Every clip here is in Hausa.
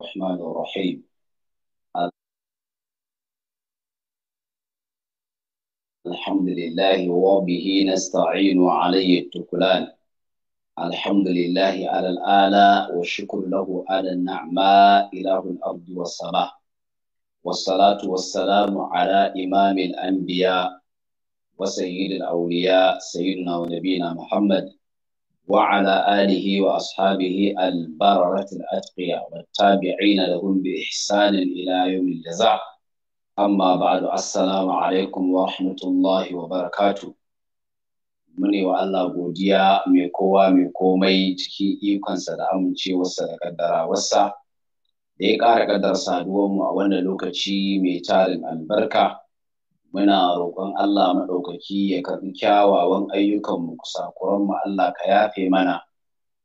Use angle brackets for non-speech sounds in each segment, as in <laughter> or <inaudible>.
الرحمن الرحيم الحمد لله وبه نستعين عليه التكلان الحمد لله على الآلاء والشكر له على النعماء إله الأرض والسماء والصلاة والسلام على إمام الأنبياء وسيد الأولياء سيدنا ونبينا محمد وعلى آله وأصحابه البررة الأتقياء والتابعين لهم بإحسان إلى يوم الجزاء أما بعد السلام عليكم ورحمة الله وبركاته mune wa Allah godiya mai kowa mai komai cikin ikonsa da amincewarsa da kaddarawarsa da ya ƙara kaddar saduwarmu a wannan lokaci mai tarin albarka muna roƙon Allah maɗaukaki ya karɓi kyawawan ayyukanmu kusakuranmu Allah ka yafe mana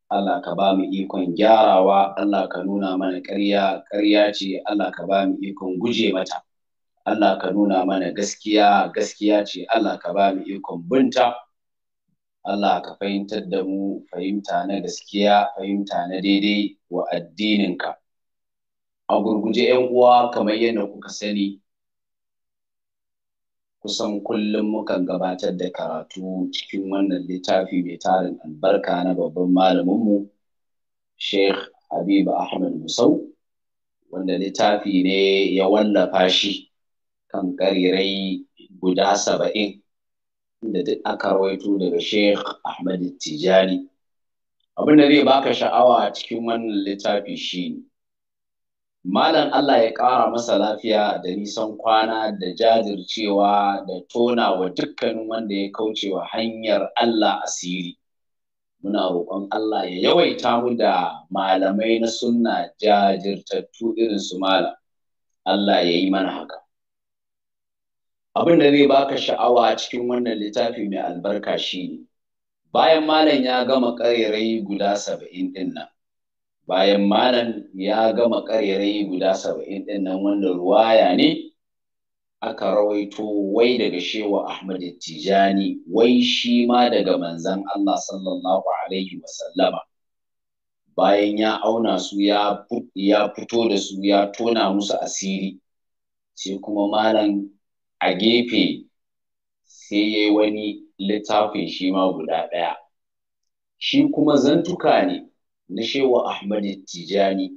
Allah ka ba mu ikon gyarawa Allah ka nuna mana ƙarya ƙarya ce Allah ka ba mu ikon guje mata Allah ka nuna mana gaskiya gaskiya ce Allah ka ba mu ikon binta Allah ka fahimtar da mu fahimta na gaskiya fahimta na daidai wa addininka a gurguje 'yan uwa kamar yadda kuka sani kusan kullum mukan gabatar da karatu cikin wannan littafi mai tarin albarka na babban malaminmu Sheikh Habib Ahmad Musau wanda littafi ne ya wallafa shi kan ƙarirai guda saba'in da duk aka rawaito daga Sheikh Ahmad Tijani abin da zai baka sha'awa cikin wannan littafi shine. Malam Allah ya ƙara masa lafiya da nisan kwana da jajircewa da tona wa dukkanin wanda ya kauce wa hanyar Allah asiri. Muna roƙon Allah ya yawaita mu da malamai na sunna jajirtattu irin su malam. Allah ya yi mana haka. Abin da zai baka sha'awa cikin wannan littafi mai albarka shi ne, bayan malam ya gama ƙarerai guda saba'in ɗin nan. bayan malam ya gama ƙaryarai guda saba'in ɗin nan wanda ruwaya ne aka rawaito wai daga shewa Ahmad Tijani wai shi ma daga manzan Allah sallallahu alaihi wa Sallama, bayan ya auna su ya fito da su ya tona musu asiri sai kuma malam a gefe sai ya yi wani littafin shi ma guda ɗaya shi kuma zantuka ne na shewa Ahmad Tijani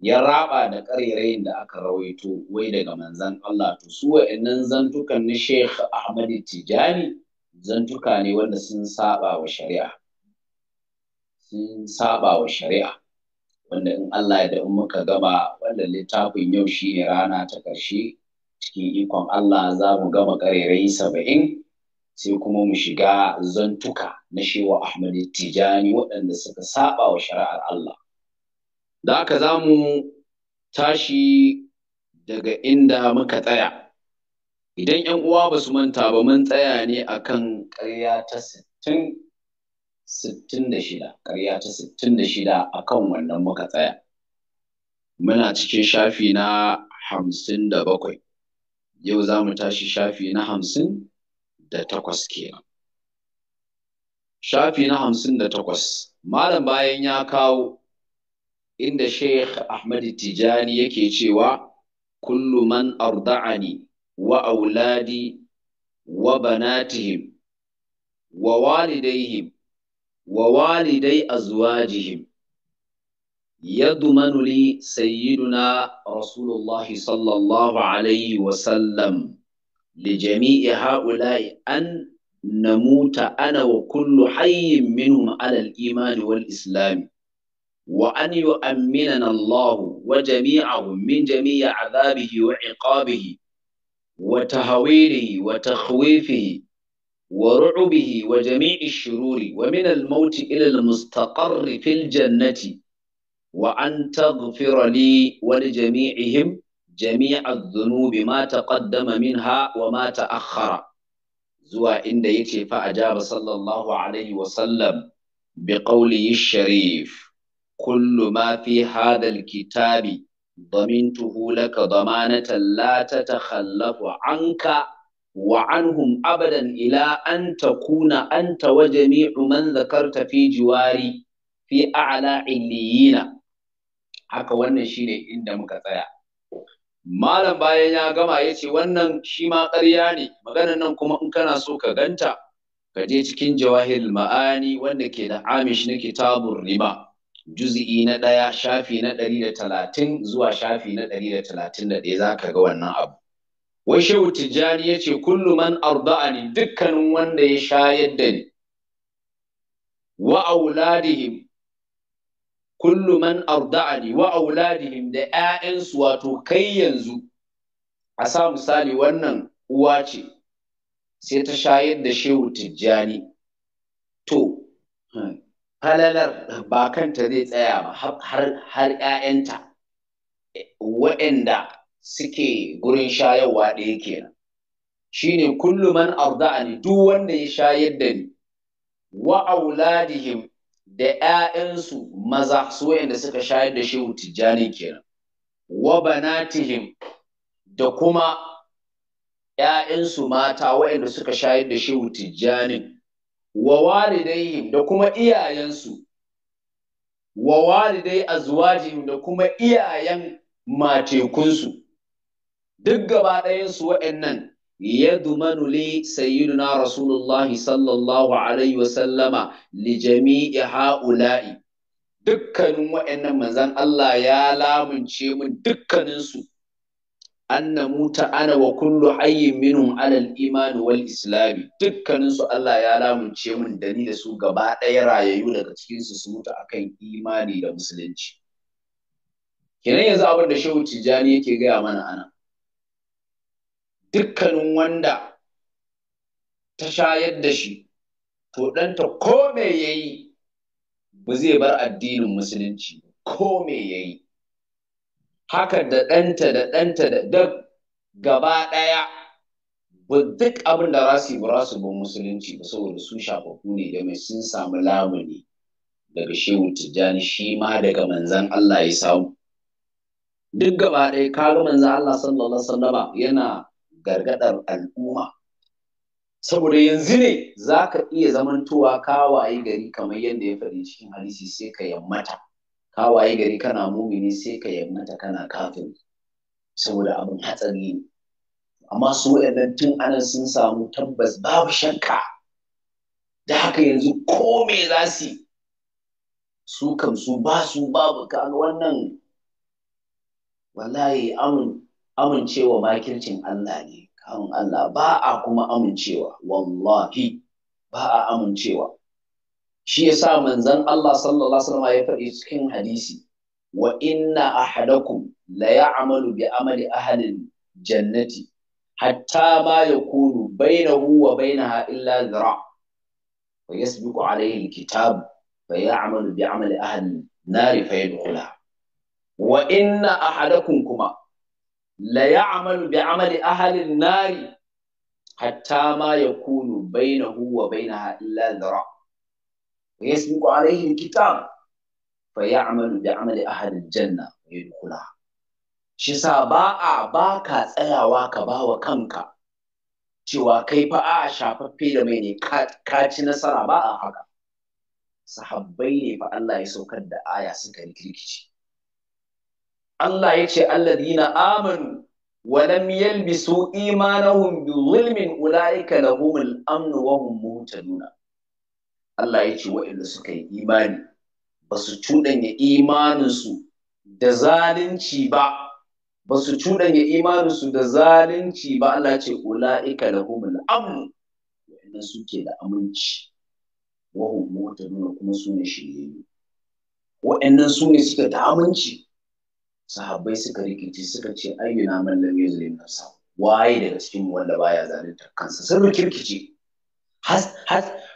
ya raba da ƙarerayin da aka rawaito wai daga manzan Allah to su wa'annan zantukan na Sheikh Ahmad Tijani zantuka ne wanda sun saba wa shari'a sun saba wa shari'a wanda in Allah ya da in muka gama wanda littafin yau shi ne rana ta ƙarshe cikin ikon Allah za mu gama ƙarerayi saba'in sai kuma mu shiga zantuka na shewa Ahmad Tijani waɗanda suka saba wa shari'ar Allah. Da haka za mu tashi daga inda muka tsaya. Idan ‘yan uwa ba su manta ba mun tsaya ne a kan ƙarya ta sittin da shida, ƙarya ta sittin da shida a kan wannan muka tsaya. Muna cikin shafi na hamsin da bakwai. Yau za mu tashi shafi na hamsin da takwas kenan shafi na hamsin da takwas malam bayan ya kawo inda sheikh ahmad tijani yake cewa kullu man arda'ani wa auladi wa banatihim wa walidaihim wa walidai azwajihim يضمن لي سيدنا رسول الله صلى li jami'i ha'ula'i an namuta ana wa kullu hayyin minhum ala al-imani wal islami wa an yu'amminana Allah wa jami'ahum min jami'i azabihi wa iqabihi wa tahawilihi wa takhwifihi ورعبه وجميع الشرور ومن الموت إلى المستقر في الجنة وأن تغفر لي ولجميعهم jami'a adh ma ta ƙaddama min hawa ma akhara. zuwa inda ya fa ajaba sallallahu alaihi wa sallam bi qawlihi sharif kullu ma fi hadha al-kitabi ضمنته لك ضمانة لا تتخلف عنك وعنهم أبدا إلى أن تكون أنت وجميع من ذكرت في جواري في أعلى عليين haka wannan shine inda muka tsaya malam bayan ya gama ya ce wannan shi ma ƙarya ne maganan nan kuma in kana so ka ganta ka je cikin jawahir ma'ani wanda ke da amish na kitabun riba juzi'i na ɗaya shafi na ɗari da talatin zuwa shafi na ɗari da talatin da ɗaya za ka ga wannan abu wai shehu tijjani ya ce kullu man arda'ani dukkanin wanda ya shayar da ni wa auladihim kullu man arda'ani wa auladihim da 'ya'yansu wato kai yanzu a sa misali wannan uwa ce sai ta shayar da shehu tijjani to falalar ba kanta zai tsaya ba har 'ya'yanta waɗanda suke gurin shayarwa ɗaya kenan shine kullu man arda'ani duk wanda ya shayar da ni wa auladihim da ‘ya'yansu maza su wayanda suka shayar da shehu tijjani kenan wa banatihim da kuma ‘ya'yansu mata wayanda suka shayar da shehu tijjani wa walidaihim da kuma iyayensu wa walidai azwajihim da kuma iyayen matekunsu duk gaba ɗayansu wa'annan يضمن لي سيدنا رسول الله صلى الله عليه وسلم لجميع هؤلاء dukkanin wa'annan manzan Allah ya lamunce min dukkaninsu anna muta ana wa kullu hayyin minhum alal iman wal islam dukkaninsu Allah ya lamunce min da ni da su gaba ɗaya rayayyu daga cikin su su mutu akan imani da musulunci kenan yanzu abin da Shehu Tijjani yake gaya mana ana dukkanin wanda ta shayar da shi to ɗanta ko me ya yi ba zai bar addinin musulunci ko me ya yi haka da ɗanta da ɗanta da duk gaba ɗaya ba duk abin da za su yi ba musulunci ba saboda su shafafu ne da mai sun samu lamuni daga shehu tijjani shi ma daga manzan Allah ya samu duk gaba ɗaya kaga manzan Allah sallallahu alaihi wasallama yana gargadar al'umma saboda yanzu ne za ka iya zamantowa kawaye gari kamar yadda ya faɗi cikin hadisi sai ka yammata kawaye gari kana mumini sai ka yammata kana kafin saboda abin hatsari ne amma su waɗannan tun ana sun samu tabbas babu shakka da haka yanzu ko me za su su kam su ba su babu ka wannan wallahi amin amincewa makircin Allah ne kan Allah ba a kuma amincewa wallahi ba a amincewa shi yasa manzon Allah sallallahu alaihi wasallam ya faɗi cikin hadisi wa inna ahadakum la ya'malu bi amali ahli jannati hatta ma yakunu bainahu wa bainaha illa dhira wa yasbiqu alayhi alkitab fa ya'malu bi amali ahli nari fa yadkhulaha wa inna ahadakum kuma la ya'malu bi amali ahalin nari hatta ma yakunu bainahu wa bainaha illa dhara wa yasbiqu alayhi alkitab fa ya'malu bi amali ahli aljanna wa yadkhulaha shi sa ba a ba ka tsayawa ka ba wa kanka cewa kai fa a shafaffe da mai ne ka nasara ba a haka sahabbai ne fa Allah ya saukar da aya suka yi rikici. Allah ya ce alladina amanu wa lam yalbisu imanahum bi zulmin ulaika lahum al-amn wa hum nuna. Allah ya ce wa'anda suka yi imani ba su ya imaninsu da zalunci ba ba su ya imaninsu da zalunci ba Allah ce ula'ika lahum al-amn wa'anda suke da aminci wa hum nuna kuma su ne shiryayyu wa'annan su ne suka da aminci sahabbai suka rikici suka ce ayyuna man lam yuzlim nafsa waye daga cikin wanda baya zalunta kansa sun rikirkice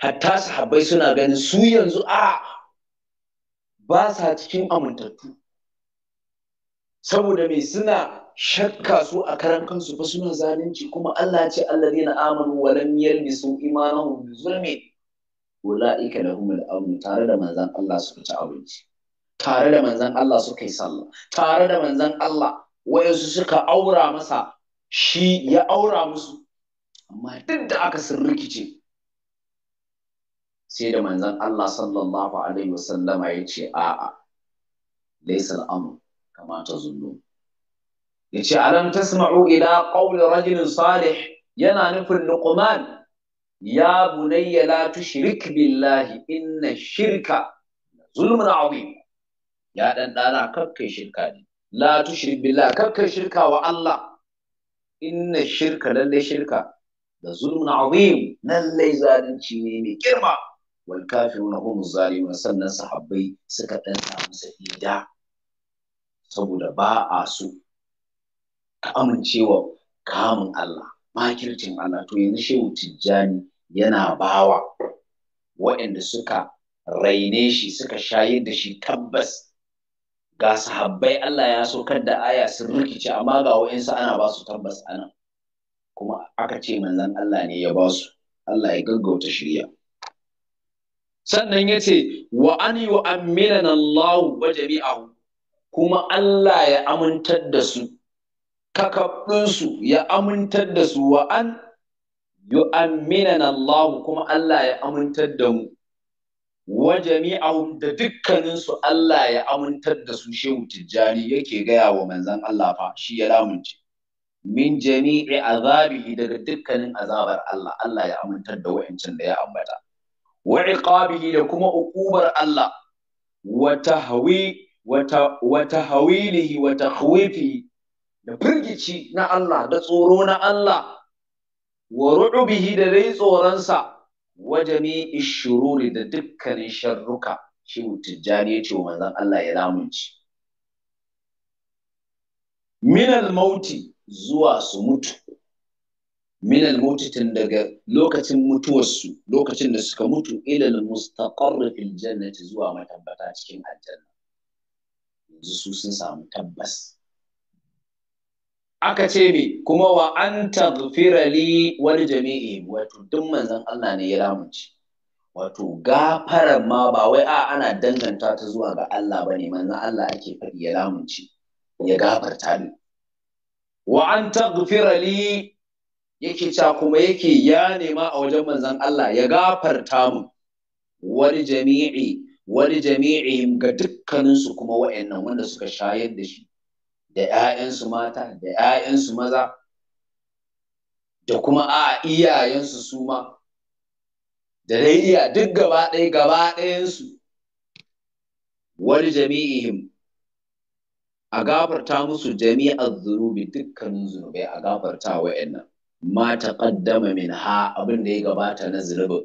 hatta sahabbai suna ganin su yanzu a ba sa cikin amintattu saboda me suna shakka su a karan kansu ba suna zalunci kuma Allah ce alladheena amanu wa lam yalbisu imanahum bi zulmin ulaika lahumul amn tare da manzon Allah su ci abinci tare da manzan Allah suka yi sallah tare da manzan Allah wayansu suka aura masa shi ya aura musu amma duk da aka sun rikice sai da manzan Allah sallallahu alaihi wasallama ya ce a'a laysa al-amr kama tazunnu yace alam tasma'u ila qawli rajulin salih yana nufin luqman ya bunayya la tushrik billahi inna shirka zulmun azim ya dan dana kakkai shirka ne la tushrik billah kakkai shirka wa Allah inna shirka lalle shirka da zulmun azim Lallai zalunci ne mai girma wal kafiruna hum zalimun sannan sahabbai suka dan samu sa'ida saboda ba a su ka amincewa kamun Allah makircin Allah to yanzu shehu tijjani yana bawa waɗanda suka raine shi suka shayar da shi tabbas ga sahabbai Allah ya so kar da aya sun rikice amma ga wayansu ana ba su tabbas ana kuma aka ce manzon Allah ne ya ba su Allah ya gaggauta shirya sannan ya ce wa an yu'amminan Allah wa jami'ahu kuma Allah ya amintar da su su ya amintar da su wa an yu'amminan Allah kuma Allah ya amintar da mu wa jami'ahum da dukkanin Allah ya amintar da su shehu tijjani yake gaya wa manzan Allah fa shi ya lamunce min jami'i azabihi daga dukkanin azabar Allah Allah ya amintar da wa'ancan da ya ambata wa iqabihi da kuma ukubar Allah wa tahwi wa tahwilihi wa takhwifi da firgici na Allah da tsoro na Allah wa ru'ubihi da dai tsoronsa wajami ishururi da dukkanin sharruka shi tijjani ya ce wa manzan Allah ya lamunci minal mauti zuwa su mutu minal mauti tun daga lokacin mutuwarsu lokacin da suka mutu ilal mustaqarr fil jannati zuwa matabbata cikin aljanna yanzu su sun samu tabbas aka ce me kuma wa an taghfira li jami'i wato duk manzan Allah ne ya lamunci wato gafarar ma ba wai a ana danganta ta zuwa ga Allah bane manzan Allah ake faɗi ya lamunci ya gafarta ni wa an taghfira li yake cewa kuma yake ya nema a wajen manzan Allah ya gafarta mu wani jami'i wani jami'i ga dukkaninsu kuma wa'annan wanda suka shayar da shi da 'ya'yansu mata da 'ya'yansu maza da kuma a iyayensu suma, da dai iya duk gaba ɗaya gaba ɗayansu wani jami'ihim a gafarta musu jami'ar zunubi dukkanin zunubai a gafarta wa'annan ma ƙaddama min ha abin da ya gabata na zunubin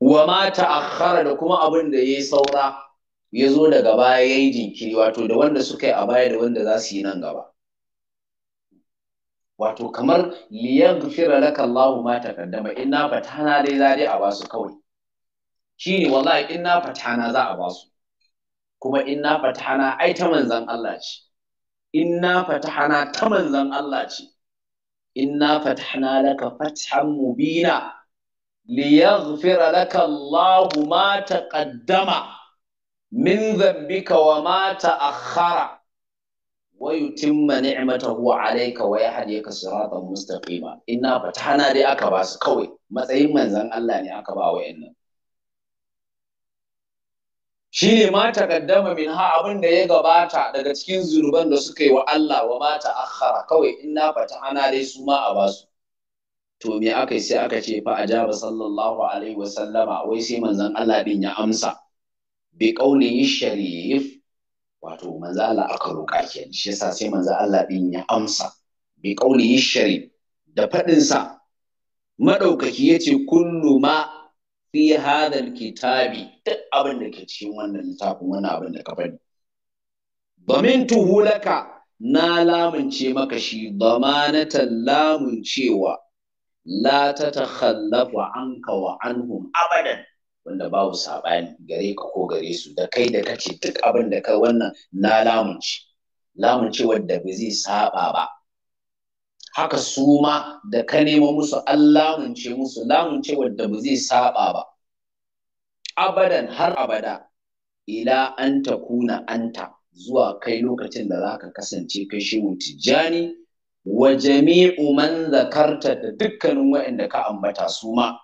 wa ma ta'akhkhara da kuma abin da ya yi saura ya zo daga baya ya yi jinkiri wato da wanda suka yi a baya da wanda za su yi nan gaba wato kamar liyaghfira laka Allahu ma in na fatana dai za dai a basu kawai Shi ne wallahi na fatana za a basu kuma na fatana ai ta manzan Allah ce na fatana ta manzan Allah ce inna fatahna laka fathan mubina liyaghfira laka Allahu ma kaddama. min zambika wa mata ma ta'akhkhara wa yutimma ni'matahu alayka wa yahdika siratan mustaqima inna hana dai aka ba su kawai matsayin manzan Allah ne aka ba wa wayannan shine ma takaddama min ha abin da ya gabata daga cikin zunuban da suka yi wa Allah wa ma ta'akhkhara kawai ina inna fatahana dai su ma a ba su to me aka yi sai aka ce fa a ajaba sallallahu alaihi wa sallama wai sai manzan Allah din ya amsa Bai bi yi sharif wato manzo Allah aka roƙa kenan shi yasa sai manzo Allah din ya amsa bi yi sharif da fadin sa madaukaki yace kullu ma fi hadha alkitabi duk abin da ke cikin wannan littafin wannan abin da ka faɗi damintuhu laka na lamunce maka shi damanatan cewa. la ta khallafa anka wa anhum abadan wanda babu saɓani gare ka ko gare su da kai da kace duk abin da ka wannan na lamunci lamunci wadda ba zai saɓa ba haka su ma da ka nemo musu an lamunce musu lamunce wadda ba zai saɓa ba abadan har abada ila an ta kuna anta zuwa kai lokacin da za ka kasance kai shi tijjani wa jami'u man zakarta da dukkanin waɗanda ka ambata su ma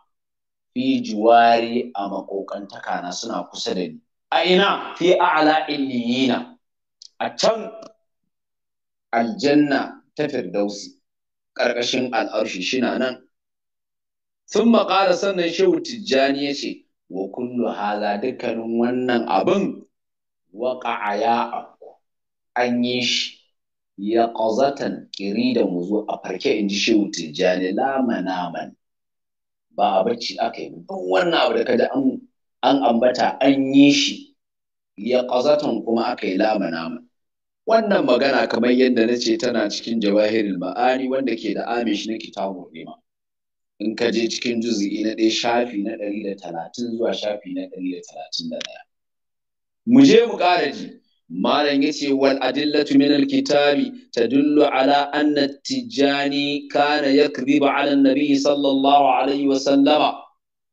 fi juwari a makokantaka na suna kusa da ni aina fi a'la illiyina a can aljanna ta firdausi ƙarƙashin al'arshi shina nan sun maƙala sannan shehu tijjani ya ce wa kullu hala dukkanin wannan abin waƙa ya an yi shi ya ƙazatan ƙiri da muzo a farke in ji shehu tijjani lamanaman ba a bacci aka yi duk wannan abu da kada an an ambata an yi shi ya ƙazatan kuma aka yi lamana nama wannan magana kamar yadda nace tana cikin jawahirin ma'ani wanda ke da amish na kitabun rima in ka je cikin juz'i na ɗaya shafi na ɗari zuwa shafi na ɗari da ɗaya mu je mu ƙara ji malam yace wal adillatu min al kitabi tadullu ala anna tijani kana yakdhibu ala nabi sallallahu alaihi wa sallama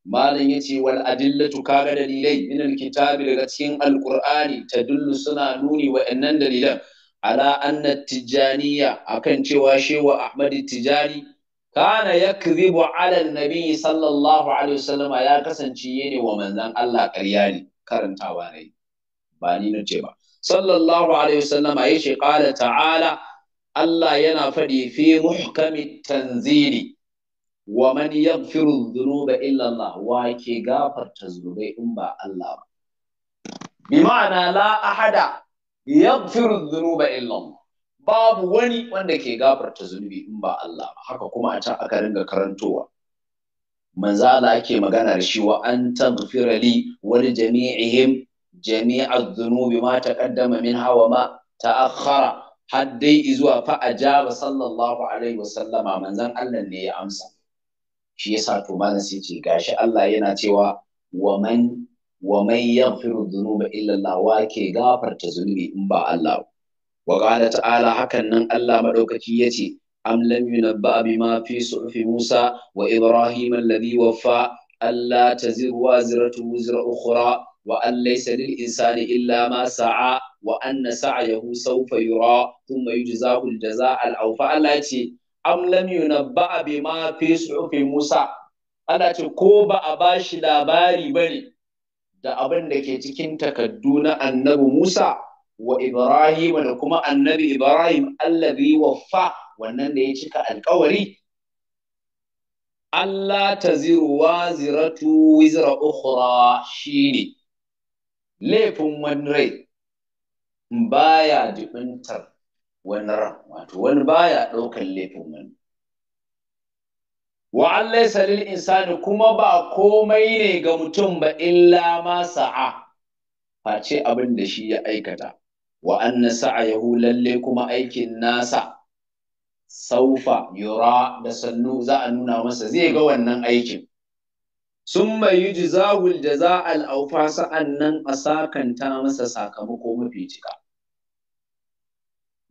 malam yace wal adillatu kaga dalilai min al kitabi daga cikin al qur'ani tadullu suna nuni wa annan dalilan ala anna tijaniya akan cewa shewa ahmad tijani kana yakdhibu ala nabi sallallahu alaihi wa sallama ya kasance yene wa manzon Allah ƙarya ne karantawa ne ba ni nace ba sallallahu alaihi wasallama ya ce qala ta'ala Allah yana faɗi fi muhkami tanzili wa man yaghfiru dhunuba illa Allah wa ke gafarta zunubai in ba Allah ba bi la ahada yaghfiru dhunuba illa Allah babu wani wanda ke gafarta zunubi in ba Allah ba haka kuma a can aka ringa karantowa manzo Allah ake magana da shi wa an taghfira li wal jami'ihim Jami'ar zunubi ma taqaddama min hawa ma ta'akhkhara har dai izuwa fa ajaba sallallahu alaihi wasallama manzon Allah ne ya amsa shi yasa to malam sai ce gashi Allah yana cewa wa man wa man wa ke gafarta zunubi in ba Allah wa qala ta'ala hakan nan Allah maɗaukaci yace am lam yunabba bima fi suhufi Musa wa Ibrahim alladhi waffa alla taziru waziratu wizra ukhra wa an laysa lil illa ma sa'a wa anna sa'yahu sawfa yura thumma yujzahu al jazaa al awfa Allah ce am lam yunabba bima fi suhufi Musa Allah ce ko ba a ba shi labari bane da abinda ke cikin takardu na annabi Musa wa Ibrahim da kuma annabi Ibrahim allazi waffa wannan da ya cika alkawari Allah ta ziru wa ziratu wizra ukhra shine laifin wani rai baya jibintar wani ran wato wani baya ɗaukar laifin wani wa Allah salil insani kuma ba komai ne ga mutum ba illa ma sa'a face abin da shi ya aikata wa anna sa'ayahu lalle kuma aikin nasa saufa yura da sannu za a nuna masa zai ga wannan aikin sun mai za a al'aufa sa'an nan a sakanta masa sakamako mafi cika.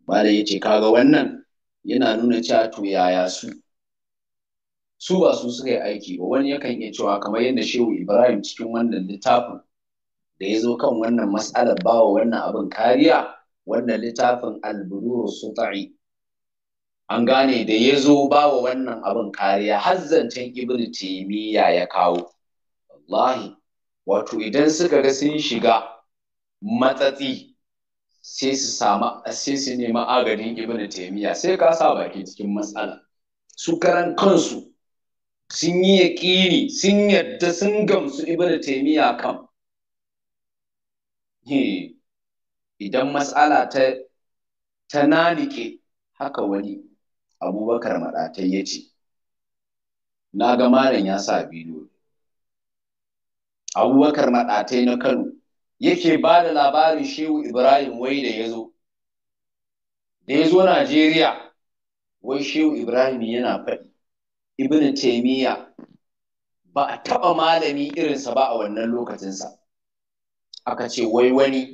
Bala ya ce, kaga wannan yana nuna cewa yaya su, su ba su suka yi aiki ba wani yakan iya cewa kamar yadda Shehu Ibrahim cikin wannan littafin da ya zo kan wannan matsalar wa wannan abin kariya wannan littafin alburu suta'i an gane da ya zo ba wannan abin kariya har zancen ibnu ya kawo wallahi wato idan suka ga sun shiga matsatsi sai su sama sai su nemi agadin ibnu taimiyya sai ka sa baki cikin matsala su karan kansu sun yi yaƙini sun yadda sun gamsu ibnu kan. kam idan matsala ta ta nanike haka wani abubakar maɗatai ya ce na ga malam ya sa bidiyo abubakar maɗatai na kano yake ba da labarin shehu ibrahim wai da ya zo da ya zo najeriya wai shehu ibrahim yana faɗi ibn taimiyya ba a taɓa malami irinsa ba a wannan lokacinsa aka ce wai wani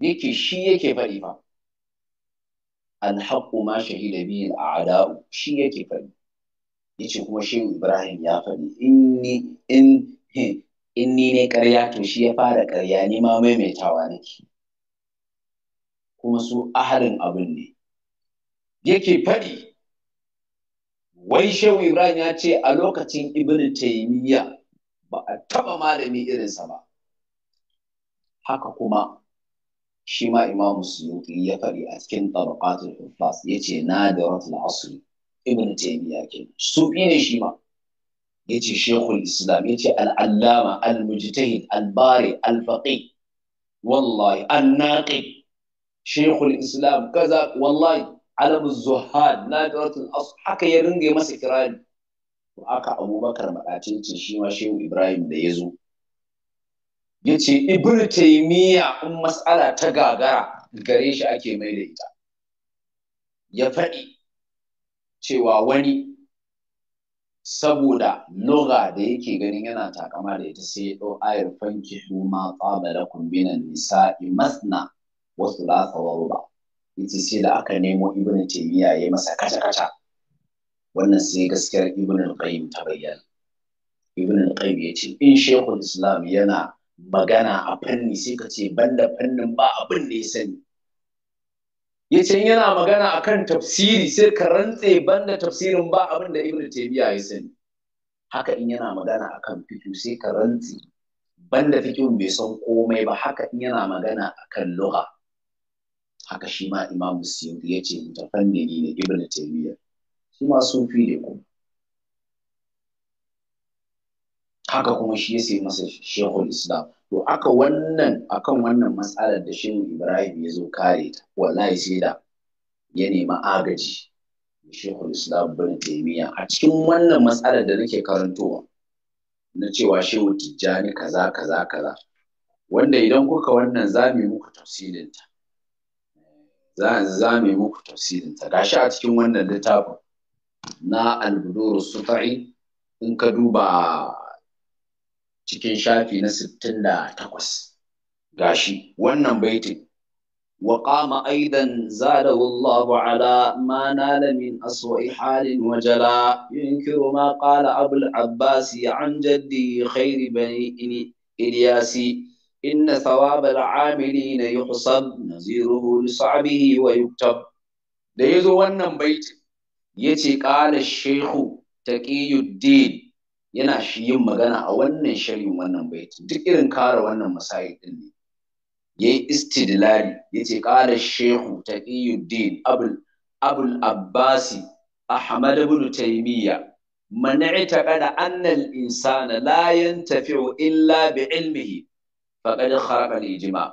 yake shi yake faɗi ba alhaqqu ma shahida bihi al'ada'u shi yake faɗi yace kuma shi ibrahim ya faɗi inni in <laughs> in ni ne ƙarya to shi ya fara ƙarya ni ma maimaitawa nake kuma su ahalin abin ne yake faɗi wai shehu ibrahim ya ce a lokacin ibn taimiyya ba a taɓa malami irinsa ba haka kuma shi ma imamu suyuti ya faɗi a cikin tabaqatul huffaz yace nadiratul asri ibn taymiya ke sufi ne shi ma Ya ce shekul islam yace al-allama al-mujtahid al-bari al-faqih wallahi an-naqi shekul islam kaza wallahi alam zuhad nadiratul asr haka ya ringa masa kirari to aka abubakar madace ce shi ma shehu ibrahim da ya zo ya ce ibn taimiyya in matsala ta gagara gare shi ake mai da ita ya faɗi cewa wani saboda loga da yake ganin yana takama da ita sai ya ɗau ayar fanki ma tsaba da kumbinan nisa'i masna wasu lasa wa ruba ita sai da aka nemo ibn taimiyya ya masa kaca-kaca wannan sai gaskiyar ibn al ta bayyana ibn al ya ce in shekul islam yana magana a fanni sai ka ce banda fannin ba abin da ya sani ya ce yana magana a kan tafsiri sai ka rantse banda tafsirin ba abin da ibnu taymiya ya sani haka in yana magana a kan fito sai ka rantse banda fikin bai san komai ba haka in yana magana a kan luha haka shi ma imamu suyuti ya ce mutafan ne ibnu taymiya shi ma sufi ne kuma haka kuma shi ya sai masa shehul islam to aka wannan akan wannan matsalar da shehu ibrahim ya zo kare ta wallahi sai da ya nemi agaji da shehul islam bin taimiya a cikin wannan matsalar da nake karantowa na cewa shehu tijjani kaza kaza kaza wanda idan kuka wannan za mu yi muku tafsirinta za mu yi muku ta gashi a cikin wannan littafin na al-budur suta'i in ka duba cikin shafi na 68 gashi wannan baitin وقام أيضا زاده الله على ما نال من أسوأ حال وجلا ينكر ما قال أبو العباس عن جده خير بني إلياس إن ثواب العاملين يحسب نزيره لصعبه ويكتب da ya zo wannan baiti ya ce ƙala shehu taƙiyuddin yana shi yin magana a wannan shirin wannan baiti duk irin kare wannan masayi din ne yayi istidlali yace qala shehu taqiyuddin abul abul abbasi ahmad ibn taymiya man i'taqada anna al insana la yantafi'u illa bi ilmihi faqad kharaqa al ijma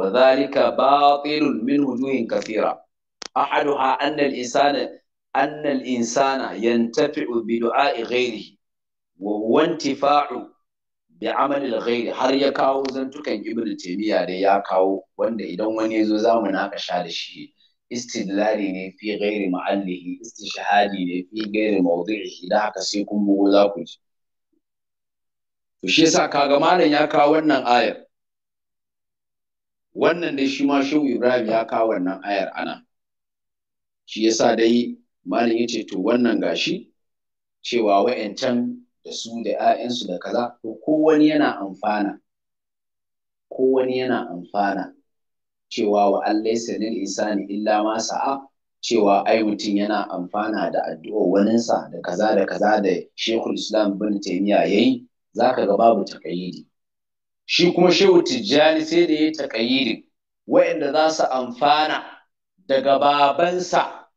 wa dhalika batilun min wujuhin kathira ahaduha anna al insana anna al insana yantafi'u bi du'a'i ghayrihi wantifa'u bi amalil ghairi har ya kawo zantukan ibn taymiya da ya kawo wanda idan wani yazo zamu sha da shi istidlali ne fi ghairi ma'allihi istishhadi ne fi ghairi mawdi'ihi da haka sai kun bugo za ku ji to shi yasa kaga malam ya kawo wannan ayar wannan dai shi ma shehu ibrahim ya kawo wannan ayar ana shi yasa dai malam yace to wannan gashi cewa wa'ancan da su da 'ya'yansu da kaza to kowani yana amfana kowani yana amfana cewa wa Allah sanil insani illa ma sa'a cewa ai mutum yana amfana da addu'ar waninsa da kaza da kaza da Sheikhul Islam bin yi, yayi zaka ga babu takayiri shi kuma Shehu Tijjani sai da ya yi takayiri wa'anda za su amfana daga babansa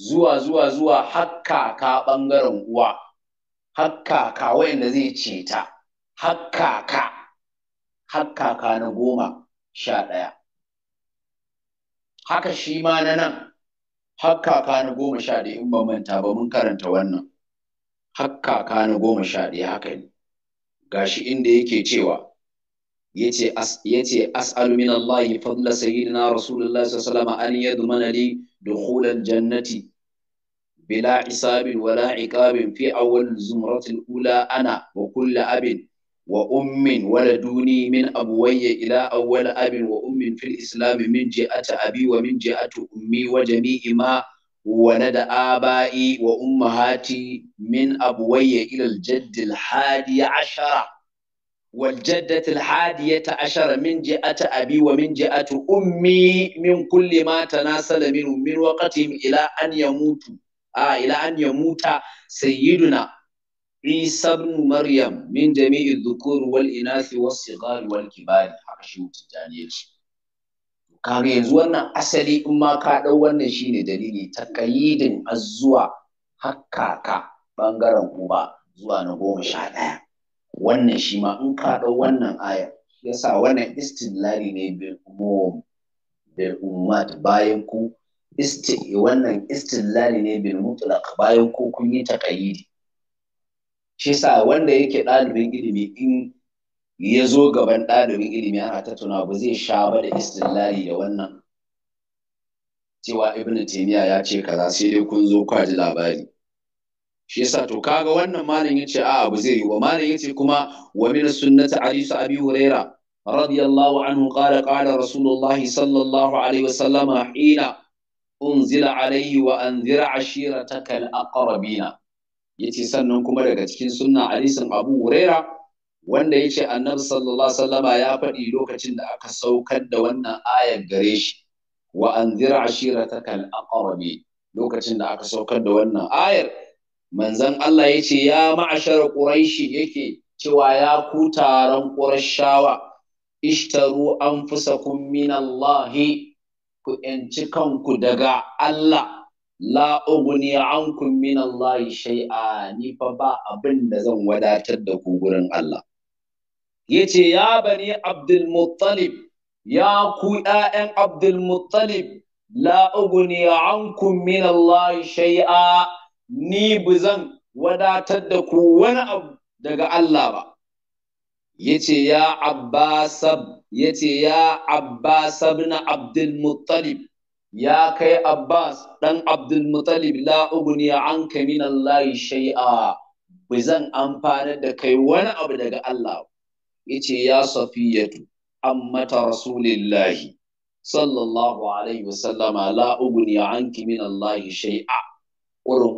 zuwa zuwa zuwa hakka ka bangaren uwa hakka ka wayanda zai ce ta hakka ka na goma sha ɗaya haka shi ma na nan hakka na goma sha ɗaya in ba manta ba mun karanta wannan hakka ka na goma sha ɗaya haka ne gashi inda yake cewa ya ce as'alu min Allah fadla sayyidina rasulullahi sallallahu alaihi wasallam an yadmana li dukhulal jannati بلا عصاب ولا عقاب في أول الزمرة الأولى أنا وكل أب وأم ولدوني من أبوي إلى أول أب وأم في الإسلام من جهة أبي ومن جهة أمي وجميع ما ولد آبائي وأمهاتي من أبوي إلى الجد الحادي عشر والجدة الحادية عشر من جهة أبي ومن جهة أمي من كل ما تناسل منهم من وقتهم إلى أن يموتوا a ila an yamuta sayyiduna Isa ibn Maryam min jami'i dhukur wal inathi was sigar ba kaga yanzu wannan asali in ma ka ɗau wannan ne dalili ta taqayidin azuwa hakaka ɓangaren uba zuwa na goma sha ɗaya wannan shi ma in ka ɗau wannan ya yasa wannan istin lari ne bil umum bil ummat bayan ku isti wannan istillali ne bil mutlaq bayan ko kun yi taqayyidi shi sa wanda yake ɗalibin ilimi in ya zo gaban ɗalibin ilimi ana ta tuna ba zai sha ba da istillali da wannan cewa ibnu taymiya ya ce kaza sai dai kun zo kwa ji labari shi yasa to kaga wannan malam yace a abu zai yi wa malam yace kuma wa min sunnati ali su abi hurairah radiyallahu anhu qala qala rasulullahi sallallahu alaihi wasallam hina unzila alayhi wa anzira ashirataka al-aqrabina yace sannan kuma daga cikin sunna hadisin Abu Huraira wanda yace Annabi sallallahu alaihi wasallama ya faɗi lokacin da aka saukar da wannan ayar gare shi wa anzira ashirataka al-aqrabi lokacin da aka saukar da wannan ayar manzon Allah yace ya ma'ashar quraishi yake cewa ya ku taron qurashawa ishtaru anfusakum min Allahi ku ‘yanci kanku daga Allah, la uguni min Allah shai'a ni fa ba abin da zan wadatar da ku gurin Allah. Ya ce, Ya bani Abdulmuttalib, ya ku ‘ya'yan Abdulmuttalib, la uguni min Allah shai'a ni bu zan wadatar da ku wani abu daga Allah ba. Ya ce, Ya Abbasab, ya ce ya Abbas ibn Abdul Muttalib ya kai Abbas dan Abdul Muttalib la ugni anka min Allah shay'a ba zan amfana da kai wani abu daga Allah yace ya Safiyatu ta rasulillahi sallallahu alaihi wasallama la ugni anki min Allah shay'a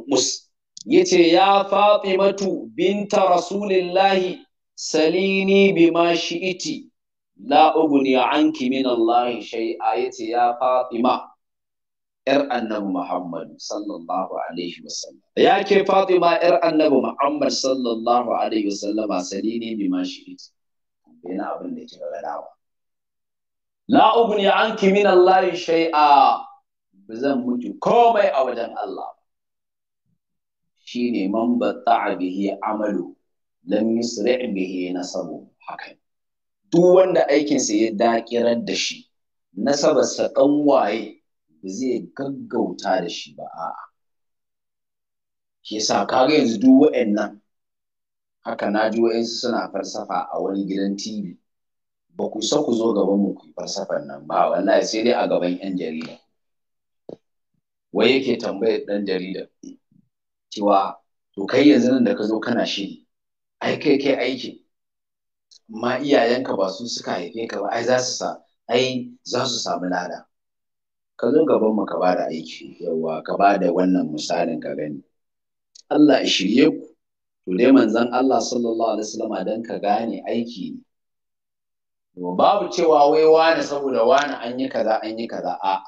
mus yace ya Fatimatu binta rasulillahi salini bima shi'iti la ugni anki min Allah shay'a yace ya Fatima ‘yar annabi Muhammad sallallahu Alaihi wasallam. Ya ke Fatima ‘yar annabi Muhammad sallallahu Alaihi wasallam a sani ne bi ma shi yana abin da ke radawa. La ugni an kimin Allah shai'a ba zan mutu komai a wajen Allah. Shi ne man batta bihi amalu lam yusri' bihi nasabu hakan. duk wanda aikinsa ya daƙirar da shi nasabarsa ƙanwaye ba zai gaggauta da shi ba a'a ke sa kaga yanzu duk wa'annan haka na ji wa'ansu suna falsafa a wani gidan tv ba ku sa ku zo gaban mu ku yi falsafan nan ba wallahi sai dai a gaban yan jarida wai yake tambayar dan jarida cewa to kai yanzu nan da ka zo kana shiri ai kai kai aikin ma iyayenka ba su suka haife ka ba ai za su sa ai za su samu lada ka zo gaban mu ka bada aiki yawa ka bada wannan misalin ka gani Allah ya shirye ku to dai manzon Allah sallallahu alaihi wasallam dan ka gane aiki ne babu cewa wai wani saboda wani an yi kaza an yi kaza a'a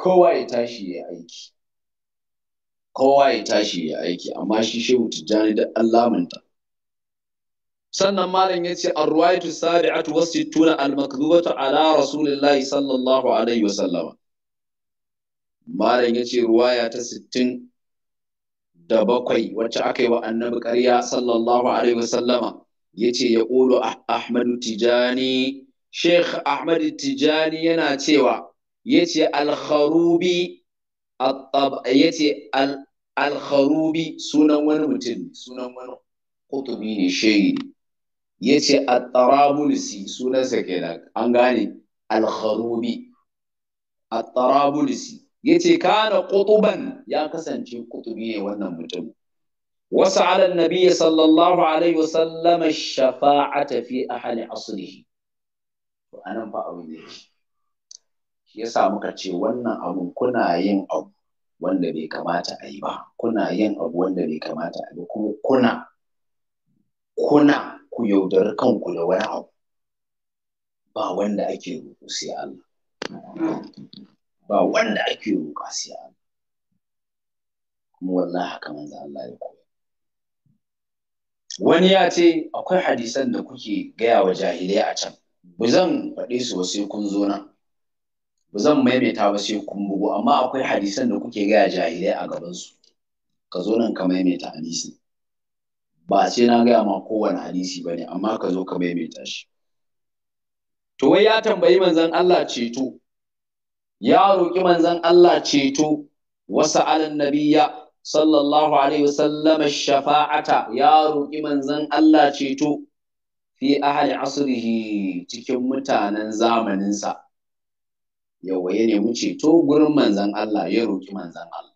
kowa ya tashi ya aiki kowa ya tashi ya aiki amma shi shehu tijjani da Allah manta sannan malam ya ce arwaitu sabi'atu wasittuna al-makdubatu ala rasulillahi sallallahu alaihi wa sallama malam ya ce ruwaya ta sittin da bakwai wacce aka yi wa annabi ƙarya sallallahu alaihi wa sallama ya ce ya ƙulu ah-, ahmadu tijani sheikh ahmadu tijani yana cewa ya ce alkharubi ya ce sunan wani mutum sunan wani kutubi ne shaidi ya ce a tarabulusi sunansa ke nan an gane alharubi a tarabulusi ya ce kana kutuban ya kasance kutubi ne wannan mutum wasu ala nabi sallallahu alaihi wasallama tafi a hali asulihi to anan fa abin da shi yasa muka ce wannan abu kuna yin abu wanda bai kamata a yi ba kuna yin abu wanda bai kamata a yi kuma kuna kuna ku yaudari kanku da wani abu ba wanda ake roƙo sai Allah ba wanda ake roƙa sai Allah kuma wallahi haka manzo Allah ya koya wani ya ce akwai hadisan da kuke gaya wa jahilai a can ba zan faɗe su ba sai kun zo nan ba zan maimaita ba sai kun bugu amma akwai hadisan da kuke gaya jahilai a gabansu ka zo nan ka maimaita hadisin ba sai na gaya ma kowane hadisi ba ne amma ka zo ka maimaita shi to wai ya tambayi manzan Allah ceto ya roƙi manzon Allah ceto wasa alan nabiya. sallallahu alaihi wasallam shafa'ata ya roƙi manzon Allah ceto fi ahli asrihi cikin mutanen zamaninsa yawa ya nemi ceto gurin manzon Allah ya roƙi manzon Allah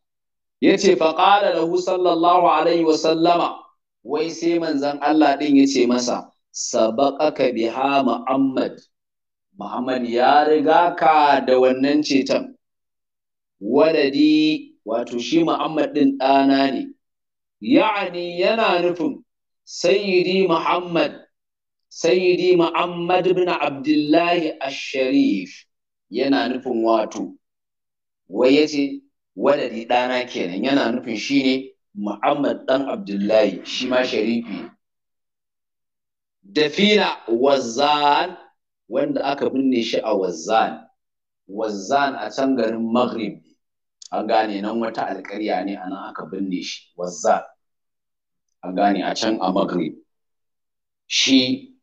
yace faqala lahu sallallahu alaihi wasallama wai sai manzon Allah ɗin ya ce masa bi biha Muhammad Muhammad ya riga ka da wannan ceton waladi wato shi Muhammad ɗin ɗana ne ya'ani yana nufin sayyidi Muhammad sayyidi Muhammad bin Abdullahi asharif sharif yana nufin wato wai ya ce waladi ɗana kenan yana nufin shi ne? Muhammad ɗan Abdullahi shi ma sharifi. Dafina Wazan wanda aka binne shi a Wazan. Wazan a can garin Maghrib an gane nan wata alƙarya ne a nan aka binne shi Wazan. An gane a can a Maghrib. Shi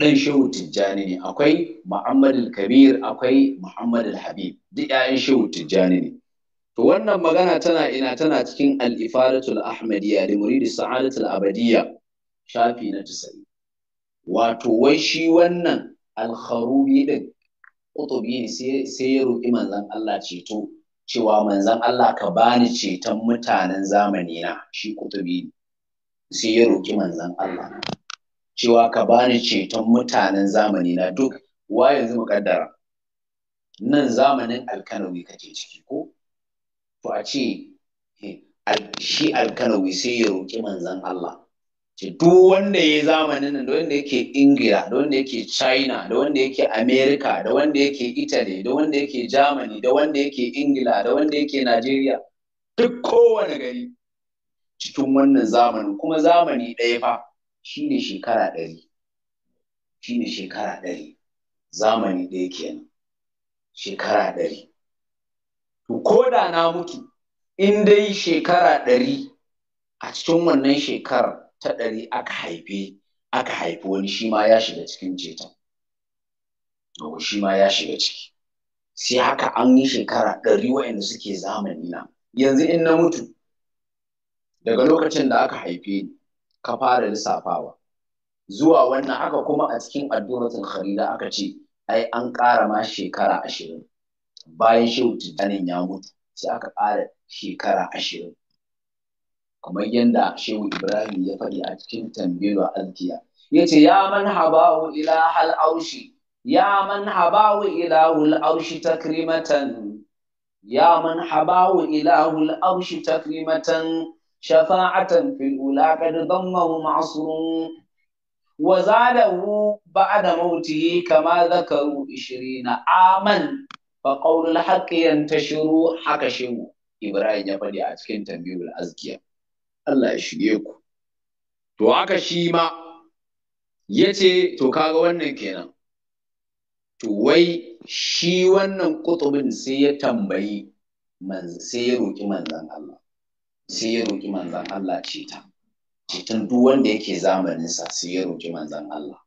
ɗan shehu tijjani ne akwai Muhammad kabir akwai Muhammad habib duk 'ya'yan shehu tijjani ne. wannan magana tana ina tana cikin al-ifadatul ahmadiyya da muridi sa'adatul abadiyya shafi na 90 wato wai shi wannan al-kharubi din ne sai ya roƙi manzan Allah ceto cewa manzan Allah ka bani ceton mutanen zamani na shi ne sai ya roƙi manzan Allah cewa ka bani ceton mutanen zamani na duk wa yanzu muƙaddara nan zamanin alkanawi kake ciki ko to a ce eh, shi alkalawi sai ya roƙi manzan Allah ce duk wanda ya zamanin nan da wanda yake ingila da wanda yake china da wanda yake america da wanda yake italy da wanda yake germany da wanda yake ingila da wanda yake nigeria duk kowane gari cikin wannan zamanin kuma zamani ɗaya fa shine shekara ɗari shine shekara ɗari zamani ɗaya kenan shekara ɗari ko da na mutu in dai shekara ɗari a cikin wannan shekarar ta ɗari aka haife aka haifi wani shi ma ya shiga cikin ceton to shi ma ya shiga ciki sai haka an yi shekara ɗari waɗanda suke zamani na yanzu in na mutu daga lokacin da aka haife ni ka fara lissafawa zuwa wannan haka kuma a cikin addu'atul kharida aka ce ai an ƙara ma shekara ashirin bayan shehu tijjanin ya mutu sai aka ƙara shekara ashirin kamar yadda shehu ibrahim ya faɗi a cikin tambelo alkiya ya ce ya man habawu ila hal aushi ya man habawu ila hul aushi takrimatan ya man habawu ila hul aushi takrimatan shafa'atan fil ula qad dhammahu ma'sur wa zadahu ba'da mautihi kama dhakaru na aman fa qaulul haqqi yantashiru haka shehu Ibrahim ya faɗi a cikin tambiyul azkiya Allah ya shige ku to haka shi ma yace to kaga wannan kenan to wai shi wannan kutubin sai ya tambayi sai ya roƙi manzan Allah sai ya roƙi manzan Allah ceta duk wanda yake zamaninsa sai ya roƙi manzan Allah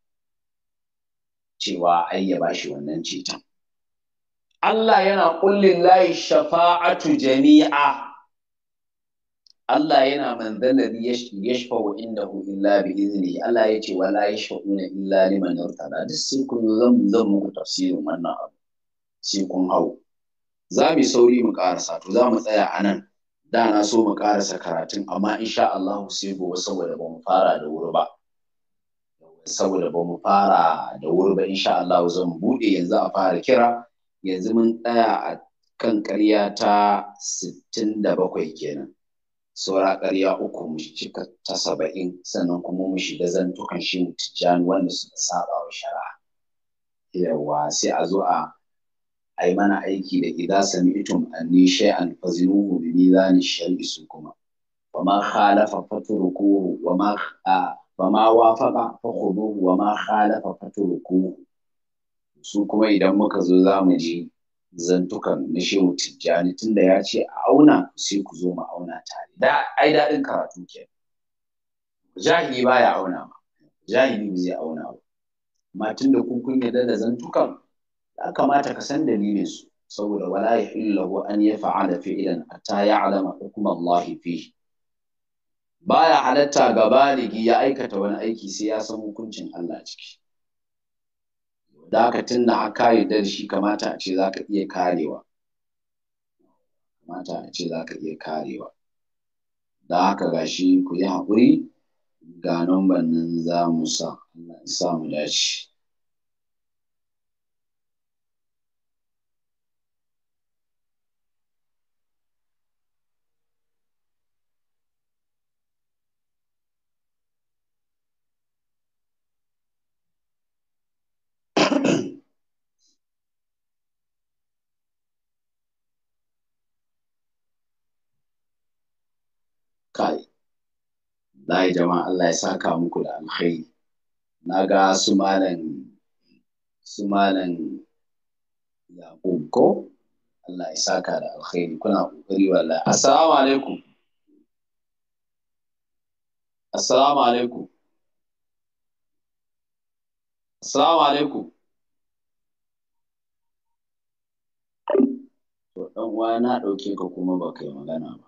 cewa ai ya bashi wannan ceton Allah yana kullin layi shafa'atu jami'a Allah yana manzalar ya shafa wa inda hu illa bi izini Allah ya ce wala ya na illa liman duk sai kun zan zan muku tafsirin wannan abu sai kun hau za mu sauri mu karasa to za mu tsaya a nan da na so mu karasa karatun amma insha Allah sai gobe saboda ba mu fara da wuri ba saboda ba mu fara da wuri ba insha Allah zan buɗe yanzu a fara kira yanzu mun tsaya a kan ƙarya ta sittin da bakwai kenan saura ƙarya uku mu cika ta saba'in sannan kuma mu shiga zantukan shi tijjani wanda suka saba wa shara. yawa sai a zo a ai mana aiki da idza sami'tum anni shay'an fazinuhu bi mizani shar'i su kuma wa ma khalafa fatrukuhu wa ma wa ma wafaqa fakhuduhu wa ma khalafa su kuma idan muka zo za mu ji zantukan na shehu tijjani tunda ya ce a auna sai ku zo mu auna tare da ai daɗin karatu ke jahili ba ya auna ma jahili ba zai auna ba amma tunda kun kun yarda da zantukan ya kamata ka san dalilin su saboda wala ya yahillahu an yaf'ala fi'lan hatta ya'lama hukm Allah fihi baya halatta ga baligi ya aikata wani aiki sai ya san hukuncin Allah ciki da aka tunna an kare da shi kamata a ce za ka iya karewa kamata a ce za ka iya karewa da haka gashi ku yi haƙuri ga numban nan za mu sa Allah ya sa mu dace Lai jama'a Allah ya saka muku da alkhairi. Na ga su malam su malam ko Allah ya saka da alkhairi kuna kokari wallahi. Assalamu alaikum. Assalamu alaikum. Assalamu alaikum. To ɗan uwa na ɗauke ka kuma baka yi magana ba.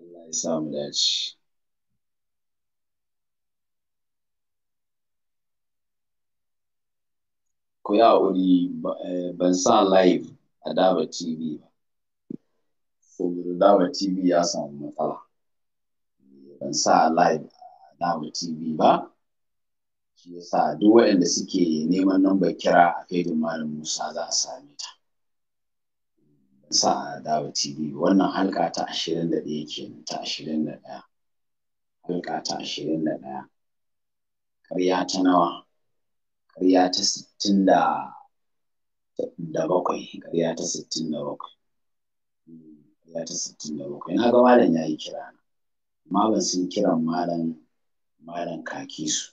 Allah ya sa mu dace. ku yi haƙuri eh, ban sa live a daba tv ba saboda daba tv ya samu matsala ban sa live a daba tv ba shi yasa duk waɗanda suke neman nambar kira a fejin malam musa za a same ta ban sa a daba tv wannan halka ta ashirin da ɗaya kenan ta ashirin da ɗaya halka ta ashirin da ɗaya ƙarya ta nawa ƙarya ta sittin da bakwai ƙarya ta sittin da bakwai ƙarya ta sittin da bakwai na ga malam ya yi kira amma ban san kiran malam malam kaki su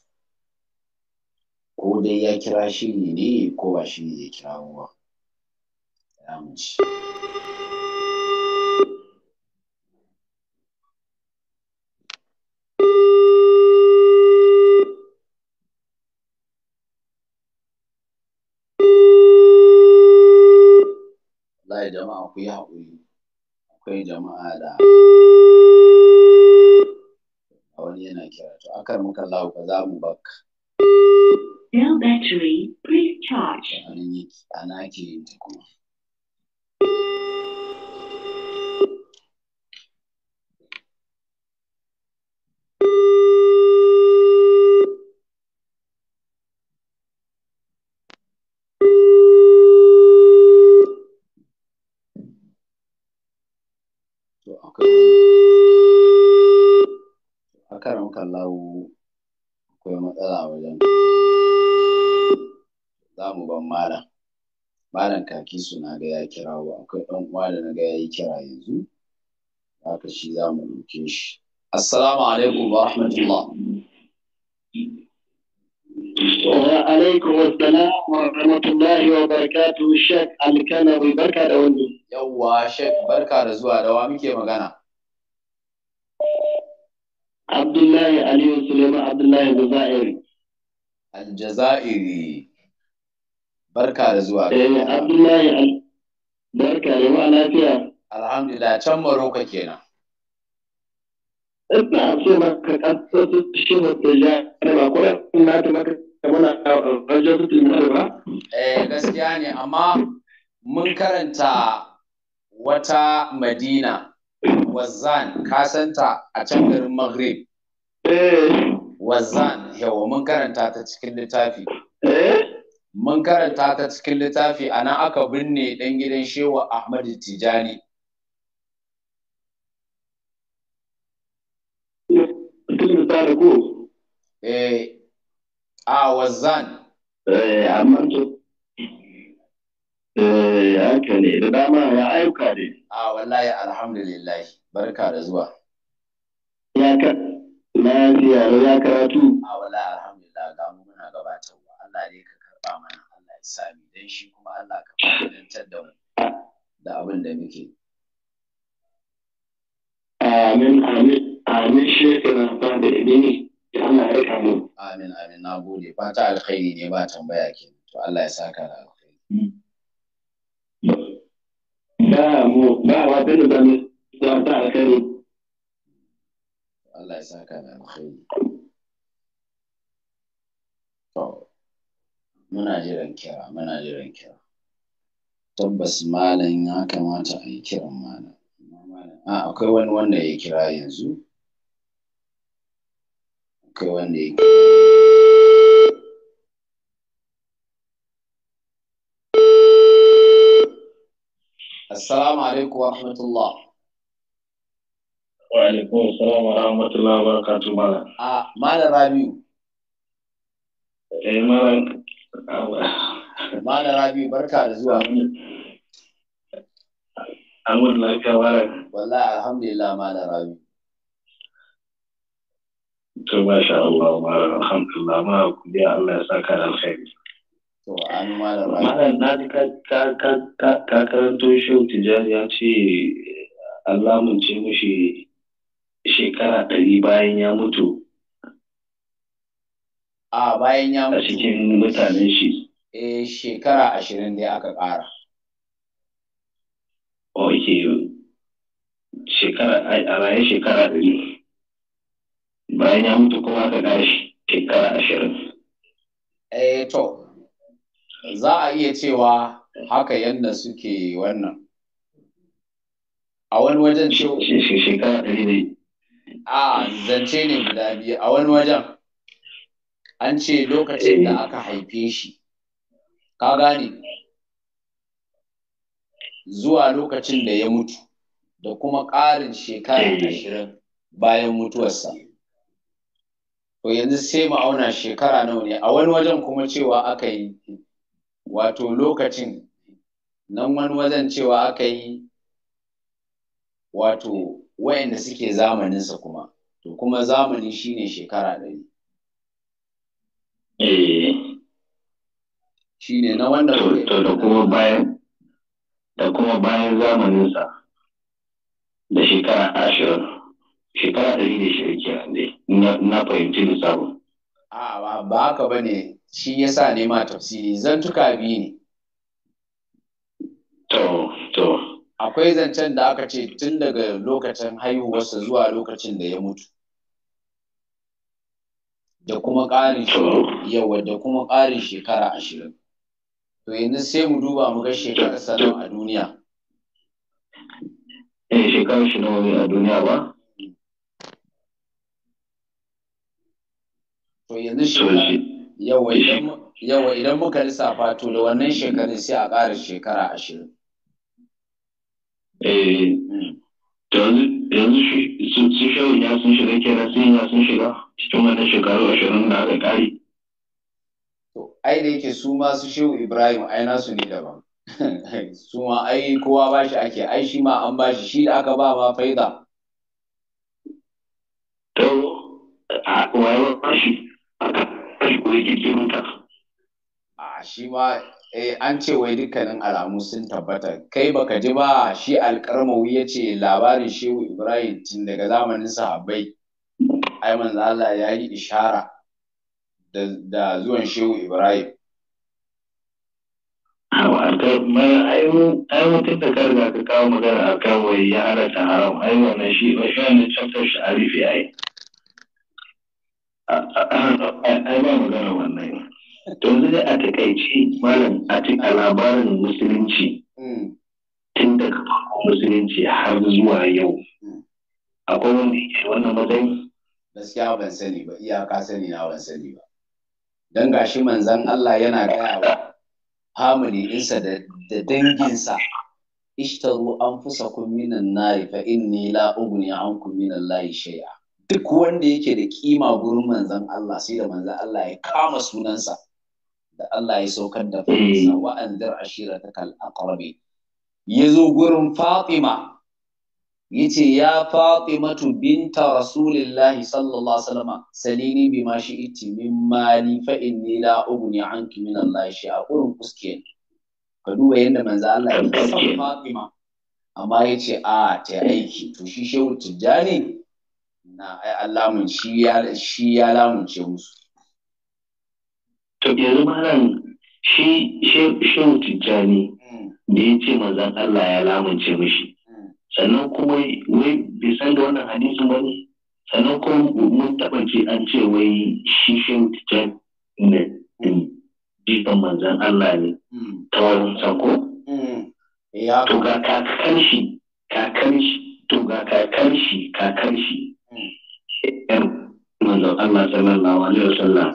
ko dai ya kira shi ne ko ba shi ne ya kira ruwa. Ya mace. ku yi haƙuri akwai jama'a da wani yana kira to akan muka lau ka za mu bak Bell battery, please charge. Ana ke yin kuma. kaki su na ga ya wa, akwai ɗan uwa da na ga ya yi kira yanzu haka shi za mu ɗauke shi assalamu alaikum wa rahmatullah wa alaikum assalam wa rahmatullahi wa barakatuh shek alkanawi barka da wani yawwa shek barka da zuwa da wa muke magana abdullahi aliyu suleiman abdullahi aljazairi aljazairi Barka da zuwa. Eh, Abdullahi barka da ma lafiya. Alhamdulillah can Maroko kenan. Ina so maka su shi ne ta ja ba ko na ta maka muna rajar su tuni ba? Eh gaskiya ne amma mun karanta wata Madina Wazan ka santa a can garin Maghrib. Eh Wazan yawa mun karanta ta cikin littafi. mun karanta ta cikin littafi a nan aka binne ɗan gidan shewa Ahmad Tijani. Eh, a wazan. Eh, amma Eh, haka ne, da dama ya ayyuka ne. A wallahi alhamdulillah, barka da zuwa. Ya ka, ziyarar ya karatu. A wallahi alhamdulillah, ga mu muna gabatarwa. Allah ne ka karɓa mana Allah ya sa mu dan shi kuma Allah ka fahimtar da mu da abin da muke amin amin amin shekara da ibini Allah ya rika mu amin amin na gode fata alkhairi ne ba tambaya ke to Allah ya saka da alkhairi ba mu ba wa da da mu da alkhairi Allah ya saka da alkhairi Muna jiran kira, muna jiran kira. Tabbas malam ya kamata a yi kiran malam. A akwai wani wanda ya kira yanzu? Akwai wanda ya kira. Assalamu alaikum wa rahmatullah. Wa alaikum assalam wa rahmatullah wa barakatuh malam. A malam Rabiu. Eh malam Mana Rabi barka da zuwa. An wani lafiya wala. Wallahi alhamdulillah Mana Rabi. To ba sha Allah ma alhamdulillah ma kuliya Allah ya saka da alkhairi. To an Mana Rabi. Mana na ji ka karanto Shehu Tijjani ya ce Allah mun ce mushi shekara ɗari bayan ya mutu a bayan ya mutu a cikin mutanen shi eh shekara ashirin ne aka ƙara ok oh, shekara a bayan shekara ɗari bayan ya mutu kuma aka ƙara shekara ashirin eh to za a iya cewa haka yadda suke wannan a wani wajen ce shekara ɗari ne a zance ne guda biyu a wani wajen an ce lokacin da aka haife shi ka gane zuwa lokacin da ya mutu da kuma ƙarin shekara eh. ashirin bayan mutuwarsa to yanzu sai mu auna shekara nawa ne a wani wajen kuma cewa aka yi wato lokacin nan wani wajen cewa aka yi wato wayanda suke zamaninsa kuma to kuma zamani shine shekara ɗari shi eh, shine na wanda to da kuma bayan da kuma bayan zamaninsa da shekara ashirin shekara ɗari da shirin kenan dai na fahimci lissafin A'a ba haka ba ne shi ya sa nema tafsiri zantuka biyu ne. To, to. Akwai zancen da aka ce tun daga lokacin haihuwarsa zuwa lokacin da ya mutu. da kuma ƙarin yawa da kuma ƙarin shekara ashirin to yanzu sai mu duba mu ga shekarar salam a duniya eh shekarar shi nawa ne a duniya ba to yanzu shekara yawa idan muka lissafa to da wannan shekarun sai a ƙara shekara ashirin eh mm. yanzu su shehu ya sun shiga kera sun ya sun shiga cikin wannan shekaru ashirin na da ƙari. To, ai da yake su ma su shehu Ibrahim ai nasu ne daban. <laughs> su ma ai kowa ba shi ake ai shi ma an ba shi shi da aka ba ma faida. To, a wayewa ba shi a ba shi kuma yake ta. A shi ma eh an ce wai dukkanin alamu sun tabbata kai baka ji ba shi alƙarmawi ya ce labarin shehu ibrahim tun daga zamanin sahabbai ai manzo Allah ya yi ishara da zuwan shehu ibrahim ai mutum da ka riga ka kawo magana a kawo ya ta haram ai wannan shi ba wannan chapter sha'arifi ai ai ba magana wannan to zai dai a takaice malam a cikin labarin musulunci hmm. tun daga farko musulunci har zuwa yau hmm. akwai wanda yake wannan matsayi? gaskiya ban sani ba iyaka sani na ban sani ba don gashi manzan Allah yana gaya wa family ɗinsa da danginsa ishtaru anfusakum minan nari fa inni la ughni ankum min layi shay'a duk wanda yake da kima gurin manzan Allah sai da manzan Allah ya kama sunansa da Allah ya saukar da hmm. faɗinsa wa ta kal aqrabi yazo gurin Fatima yace ya tu binta rasulullahi sallallahu alaihi wasallam salini bima shi'ti min mali fa inni la ughni anki min Allah a gurin kuske ka duba yanda manzo Allah ya san Fatima amma yace a ta aiki to shi shehu tijjani na ai Allah mun shi ya shi ya lamunce musu to yanzu malam shi shehu tijjani hmm. da ya ce manzan Allah ya lamance mishi hmm. sannan kuma wai bai san da wannan hadisin ba ne sannan kuma mun taɓa ce an ce wai shi shehu tijjani ne hmm. jikan manzan Allah ne ta wurin sako to ga kakan shi kakan shi to ga kakan shi kakan shi manzan Allah sallallahu alaihi wasallam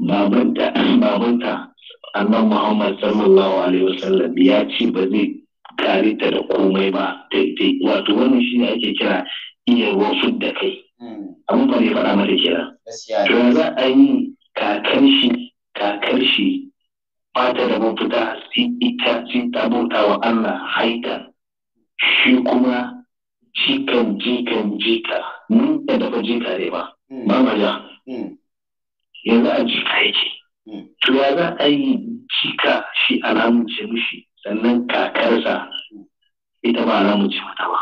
babanta babanta annan Muhammad sallallahu alaihi wasallam ya ce ba zai kare ta da komai ba daidai wato wannan shi ake kira iya wasu da kai hmm. abin ba zai faɗa mata kira to za a yi kakar shi kakar shi ba ta da mafita sai ita sai ta bauta wa Allah haita shi kuma jikan jikan jika mun da dafa jika ne ba hmm. ba ma ja hmm. yanzu a jika yake hmm. to ya za a yi jika shi alamun ce sannan kakarsa hmm. ita ba alamun ce mata ba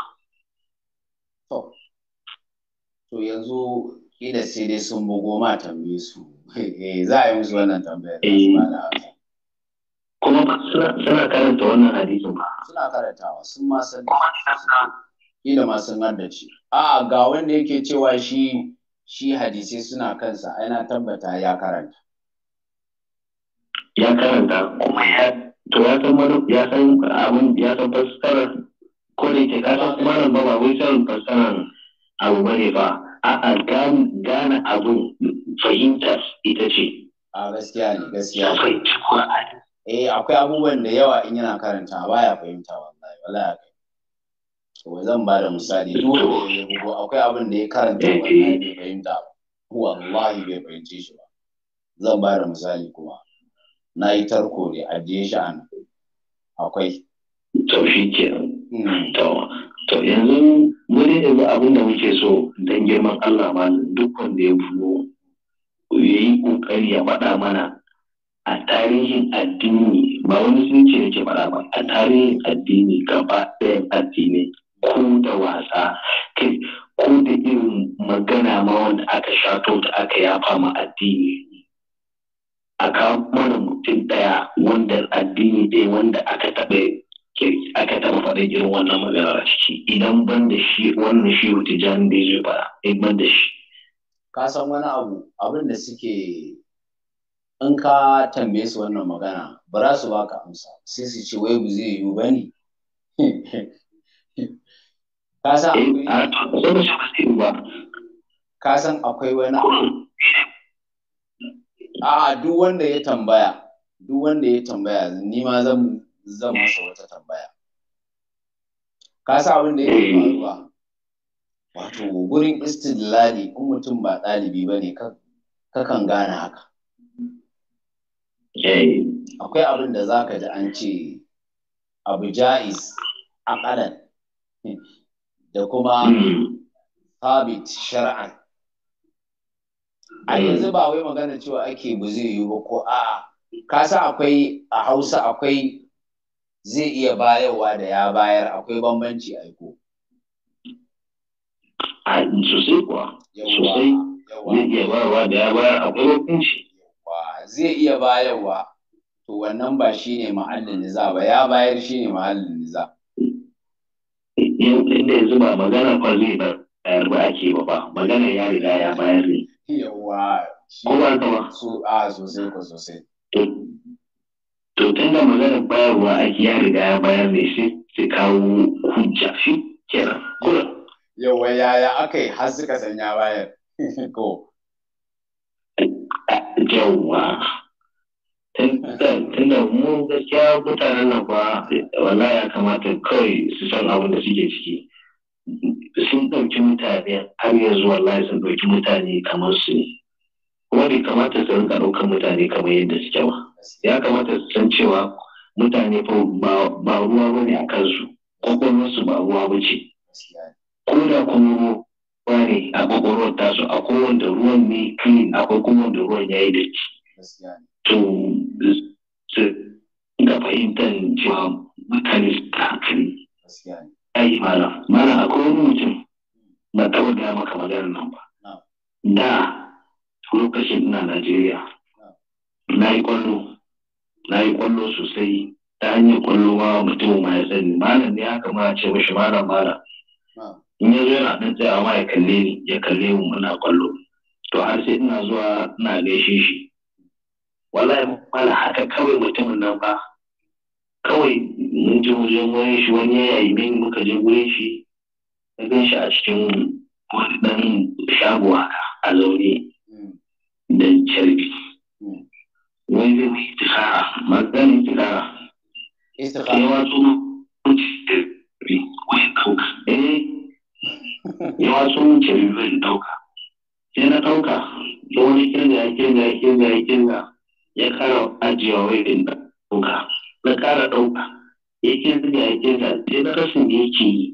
to yanzu ina sai dai sun bugo ma tambaye su eh, za a yi musu wannan tambayar eh. kuma suna karanta wannan hadisin ba suna karantawa sun ma san ila ma sun haddace a ga wanda yake cewa shi shi hadisai suna kansa ana tabbata ya karanta ya karanta kuma ya to ya san wani ya san abin ya san fassarar ko da yake kasan malam ba ba wai san fassarar abu bane ba a'a gane abu fahimta ita ce a gaskiya ne gaskiya ne eh akwai abubuwan da yawa in yana karanta baya fahimta wallahi wallahi to zan ba da misali duk ne ya bugo akwai abin da ya karanta eh, wannan eh. bai fahimta wallahi bai fahimce shi ba zan ba da misali kuma na yi tarko ne ajiye shi a nan akwai to shi ke hmm. to to yanzu wani da abin da muke so don girman Allah ma dukkan da ya bugo ya yi kokari ya faɗa mana a tarihin addini ba wani sun ce yake faɗa ba a tarihin addini gaba ɗayan addini. ko da wasa ke ko da irin magana ma wanda aka shato da aka yafa ma addini a mana mutum ɗaya wanda addini ɗaya wanda aka taɓa aka taɓa faɗa irin wannan magana a ciki idan ban da shi wannan shi wuce jan da zai faɗa in ban da shi. Ka san wani abu abin da suke in ka tambaye su wannan magana ba za su baka amsa sai su ce wai ba zai yiwu ba ne. <laughs> Eh, ka san akwai wani abu. A duk wanda ya tambaya, duk wanda ya tambaya, ni ma zan zan masa wata tambaya. Ka san abin da yake eh. faruwa. Wato gurin istidlali in mutum ba ɗalibi ba ne ka kan gane haka. Eh. Akwai abin da za ka ji an ce abu ja'iz a ƙalan. da kuma hmm. habit shar'an a hmm. yanzu ba wai magana cewa ake bu zai yi ba ko a'a ka sa akwai a hausa akwai zai iya bayarwa da ya bayar akwai bambanci ko a sosai kuwa sosai zai iya bayarwa da ya bayar akwai bambanci zai iya bayarwa to wannan ba shine ma'allin niza ba ya bayar shine ma'allin niza inda yanzu zuba magana fa zai bayar ba ake ba ba magana ya riga ya bayar ne yawa ko ba ka ba su a sosai ko sosai to tun da magana bayarwa ake ya riga ya bayar ne su kawo hujja shi kenan kula yawa yaya aka yi har suka bayar <laughs> ko yawa tunda mu gaskiya mutanen nan ba wallahi ya kamata kawai su san abin da suke ciki sun ɗauki mutane har yanzu wallahi sun ɗauki mutane kamar su ne kuma bai kamata su rinka ɗaukar mutane kamar yadda suke ba ya kamata su san cewa mutane fa ba ruwa ba ne a kansu kwakwalwarsu ba ruwa ba ce ko da kuma ruwa ne a kwakwalwar tasu akwai wanda ruwan ne clean akwai kuma wanda ruwan ya yi datti to su ga fahimtar cewa mutane su ta hankali. Ai, mala, mala akwai wani mutum ba taɓa gaya maka maganar nan ba. Da lokacin ina Najeriya, na yi kwallo, sosai ta hanyar kwallo ma mutum ma ya sani malam ne haka ma ce mashi malam malam. In ya zo yana ɗan tsayawa ma ya kalle ni, ya kalle mu muna kwallo. To har sai ina zuwa ina gaishe shi. wallahi mala haka kawai mutumin nan ba kawai mun je wajen wurin shi wani ya yi. min muka je wurin shi na gan shi a cikin wani dan shago haka a zaune da carbi wani zai mai tikara maganin tikara yawa sun carbi wani dauka eh yawa mun carbi wani dauka sai na dauka da wani kirga ya kirga ya kirga ya kirga ya kara ajiyewa wai da ɗauka na kara ɗauka ya ke zuga a ke sai na rasin da yake yi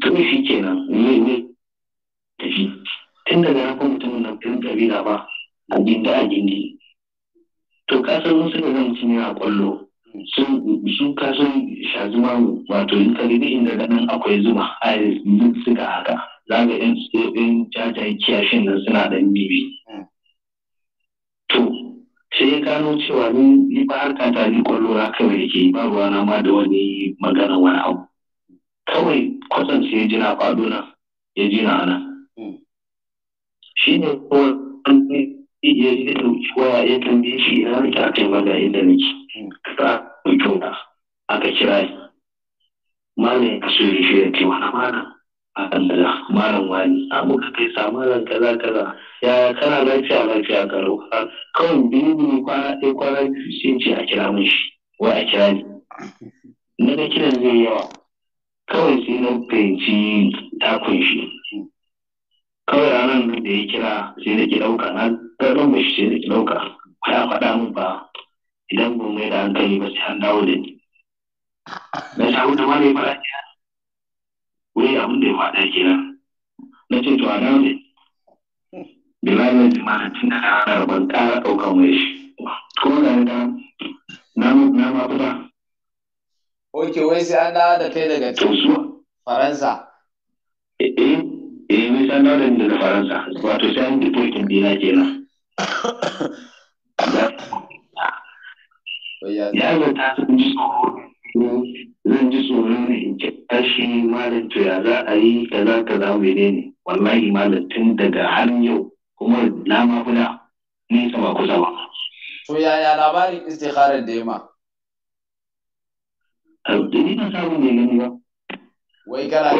kawai shi kenan ne ne tafi tun daga na kuma mutumin nan tun kabila ba a gindi a gindi to san wasu suka zan mutum yana kwallo sun kasan sha zuma wato in ka da inda ganin akwai zuma a yanzu suka haka za ga yan jajayen kiyashin nan suna dan bibi hmm. to sai e ya gano cewa ni ba harka ta ni kwallora kawai yake ba ruwa na ma da wani magana wani abu kawai kwatsan sai ya ji na faɗo na ya ji na ana shi ne wani ya ji dauki waya ya tambaye shi ina nake aka yi maga inda nake ka ɗauki wata aka kira malam ya kaso ya shi ya ce wani malam malam wani abu ka kai sa malam kaza kaza ya kana lafiya lafiya karo kawai biyu biyu kwana ɗaya kwana biyu sai ce a kira mishi wai a kira ni na ga kiran zai yi yawa kawai sai na fahimci takun shi kawai ranar da ya kira sai da ke ɗauka na ɗan bashi sai da ke ɗauka ba ya faɗa min ba idan ba mai da hankali ba sai an dawo da ni na sa da ma ne ba a wai abin da ya faɗa nan. na ce to a da bilalin jimana tun da na rana ban ƙara ɗaukan mai shi kuma na yi na na ma fita ok wai sai an dawo da kai daga cikin faransa eh eh, eh wai san an dawo da ni daga faransa wato sai an tokin dina kenan <coughs> ya zata sun ji tsoro kuma zan ji tsoron in kira tashi malam to ya za a yi kaza kaza ne wallahi malam tun daga har yau kuma na ma kula nesa ba kusa ba. To yaya labarin istikharar da Da ni ban samu mai gani ba. Wai kana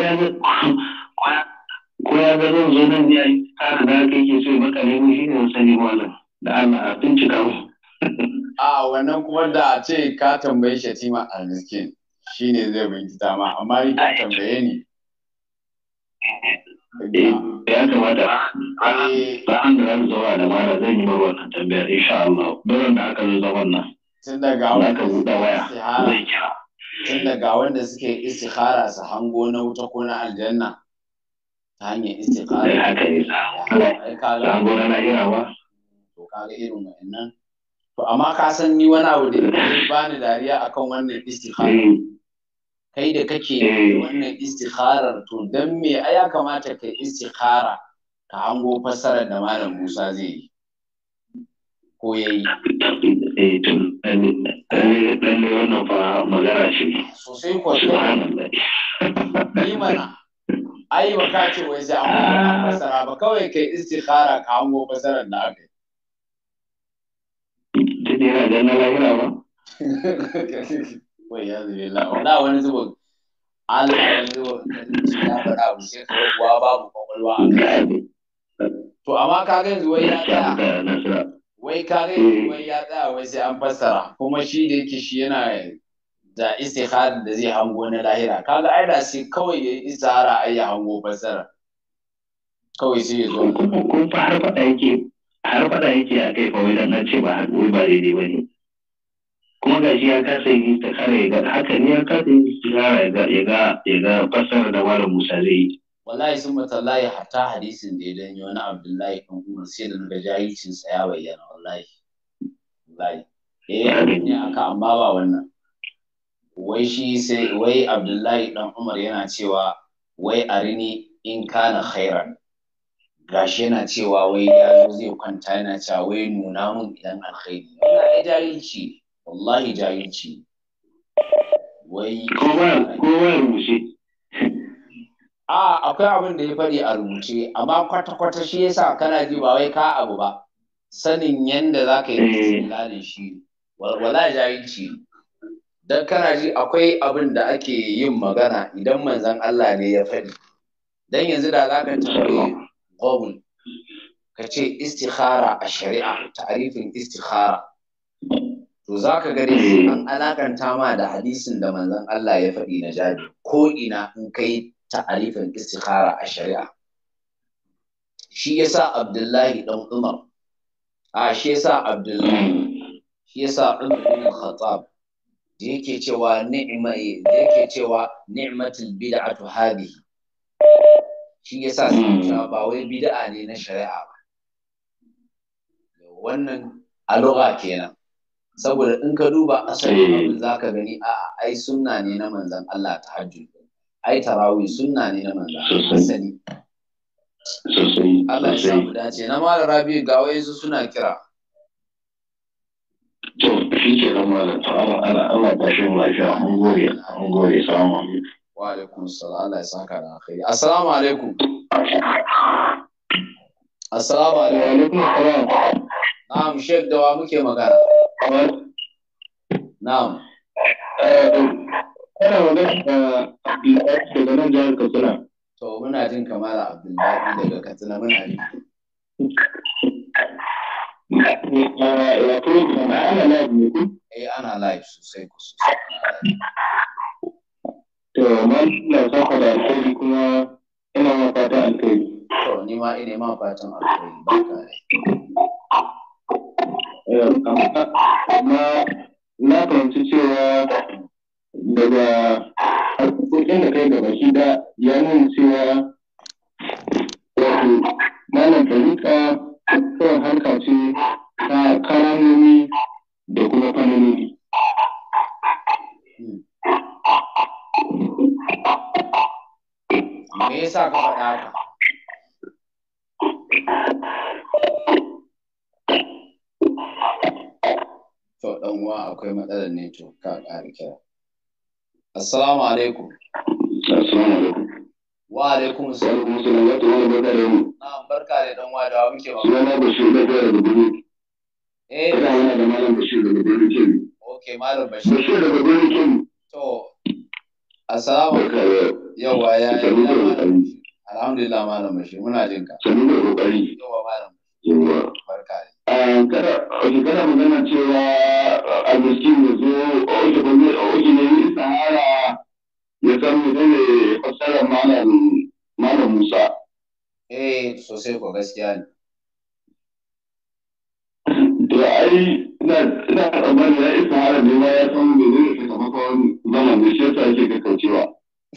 ko ya ga zan zo nan ne a yi tsara da aka ke so ya maka mu shi ne wasan ne malam da Allah a cika mu. <laughs> a wannan kuma da ce ka tambaye shatima arzikin shi ne zai bincita ma amma ni ka tambaye ni eh, ya kamata ta an da zan zuwa da mara zan yi mar wannan tambayar insha Allah barin da aka zo wannan, nan tun daga wanda buɗe waya zai kira tun daga wanda suke istikhara su hango na wuta ko na aljanna ta hanyar istikhara eh, haka ne sa hango na lahira ba to kaga irin wa'annan to amma ka san ni wani abu da ya bani dariya akan wannan istikhara mm. kai da kake mm. wannan istikharar to dan me ai ya kamata kai istikhara ka hango fassarar da malam Musa zai yi ko ya yi. Eh, wannan fa Sosai ko Ni mana. Ai ba ka ce wai sai an ah. fassara ba kawai kai istikhara ka hango fassarar da aka yi. da yana da na lahira ba wai ya zai la wala wani zuwa Allah wani zuwa ya faɗa abu sai ka kuwa babu kwakwalwa a kai to amma ka ga yanzu wai ya tsaya wai ka ga ya tsaya wai sai an fassara kuma shi da yake shi yana da istikhara da zai hango na lahira kaga ai da shi kawai ya yi istihara ai ya hango fassara kawai sai ya zo kun fa faɗa yake har faɗa yake a kai fa wajen na ce ba haɗu ba daidai ba ne kuma gashi ya kasa yi ta kare ga haka ne ya kasa yi tsara ya ga ya ga fasar da malam Musa zai yi wallahi sun matallahi hatta hadisin da ya danyo wani Abdullahi kan Umar sai da naga jahilcin sa ya bayyana wallahi wallahi eh ne aka amma ba wannan wai shi sai wai Abdullahi dan Umar yana cewa wai arini in kana khairan gashi yana cewa wai ya zo zai kwanta yana cewa wai nuna mun idan alkhairi wallahi jahilci wallahi jahilci wai kowa kowa rubuce a <laughs> ah, akwai abin da ya faɗi a rubuce amma kwata-kwata shi yasa kana ji ba wai ka abu ba sanin yanda za ka yi da eh. shi wala jahilci dan kana ji akwai abin da ake yin magana idan manzon Allah ne ya faɗi dan yanzu da za ka tambaye qawl ka ce istikhara a shari'a ta'arifin istikhara to za ka gani an alakanta ma da hadisin da manzon Allah ya faɗi na jabi ko in kai ta'arifin istikhara a shari'a shi yasa Abdullahi dan Umar a shi yasa Abdullahi shi yasa Umar bin Khattab da yake cewa ni'ma da yake cewa ni'matul bid'atu hadhihi shi sa su hmm. cewa ba wai bid'a ne na shari'a ba wannan a lugha kenan saboda in ka duba asalin eh. abin za ka gani a ai sunna ne na manzan Allah ta hajji. ai tarawi sunna ne na manzan Allah asali Allah ya samu dace na malam Rabi ga su suna kira to shi ke nan da tsawon Allah Allah ta shi lafiya a gode mun gode salamu wa alaikum salam Allah ya saka da alkhairi assalamu alaikum assalamu alaikum na'am shek da wa muke magana na'am Kana eh, magana da Abdullahi daga nan jihar Katsina. To muna jin kamar Abdullahi daga Katsina muna jin. Ya eh, kuma ana live ne ku? Eh ana live sosai ku sosai. To, man na saka da alkhairi kuma ina ma fatan alkhairi. To, ni ma ina ma fatan alkhairi ba ka eh, Amma na fahimci cewa daga harkokin da kai gaba shi da ya nuna cewa wato malam tarika kawai harka ce ta karamomi da kuma fanoni. Me yasa ka faɗa haka? To ɗan uwa akwai matsalar ne to ka ƙara kira. Assalamu alaikum. Assalamu alaikum. Wa alaikum salam. Wa alaikum barka da yau. Na'am barka da dan uwa da muke ba. Sunana Bashir da Bashir da Bashir. Eh. Ina yana da Malam Bashir da Bashir Kemi. Okay Malam Bashir. Bashir da Bashir Kemi. To. Assalamu alaikum. Yawwa ya yi Alhamdulillah malam bashi muna jin ka. Sannu da kokari. Yawwa malam. Yawwa. Barka ah, kada kada magana cewa ah, almiskin ya zo oke bane oke ne sahara ya san mu ne fassara malam malam Musa. Eh sosai ko gaskiya ne. To ai ina tsammanin ya isa hara ne ma ya san mu ne sakamakon zaman da shi yasa ake kakkaucewa.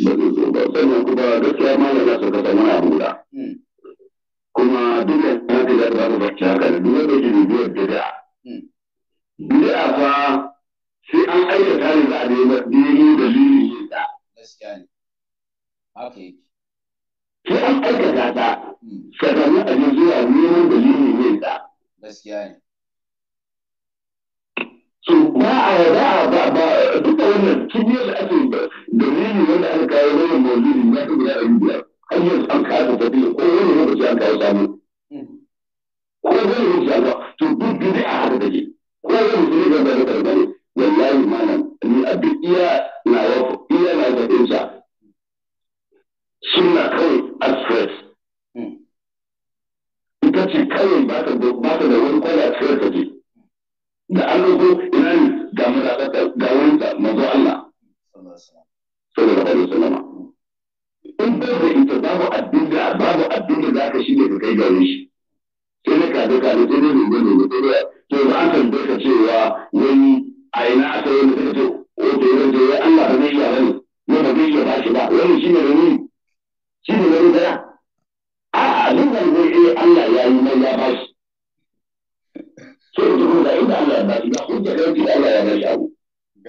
sannan kuma gaskiya ma da nasu kasa muna hura kuma dukkan na ta zaba da bacci haka da duk wanda ke bibiyar bid'a bid'a fa sai an aikata ne za a nemi dalilin yin ta gaskiya ne sai an aikata ta sannan a je zuwa neman dalilin yin ta gaskiya ne so ba a ba wannan kibiyar da ake dalili wanda aka kawo wannan maulidi na ta guda ɗari biyar an yanzu an kasa tafiya ko wani lokaci an kawo samu hmm. ko wani lokaci an kawo to duk bidi a haka take ko wani lokaci ne ga da karɓa ne wallahi mana ni a duk iya na wafa iya na zaɓinsa suna kawai a stress hmm. ita ce kawai ba ta da wani kwaya a cikin da an rubo ga mazaɓa ga wurinsa mazo Allah sallallahu alaihi wasallam in ba da ita babu abin da babu abin da zaka shige ka kai gare shi sai na kaje kaje sai ne ne ne ne to ba an tambaye ka cewa wani a ina aka yi mutum to wato yana da Allah ba zai iya bane ne ba zai iya ba shi ba wani shine ne shi ne ne da a'a duk wanda zai iya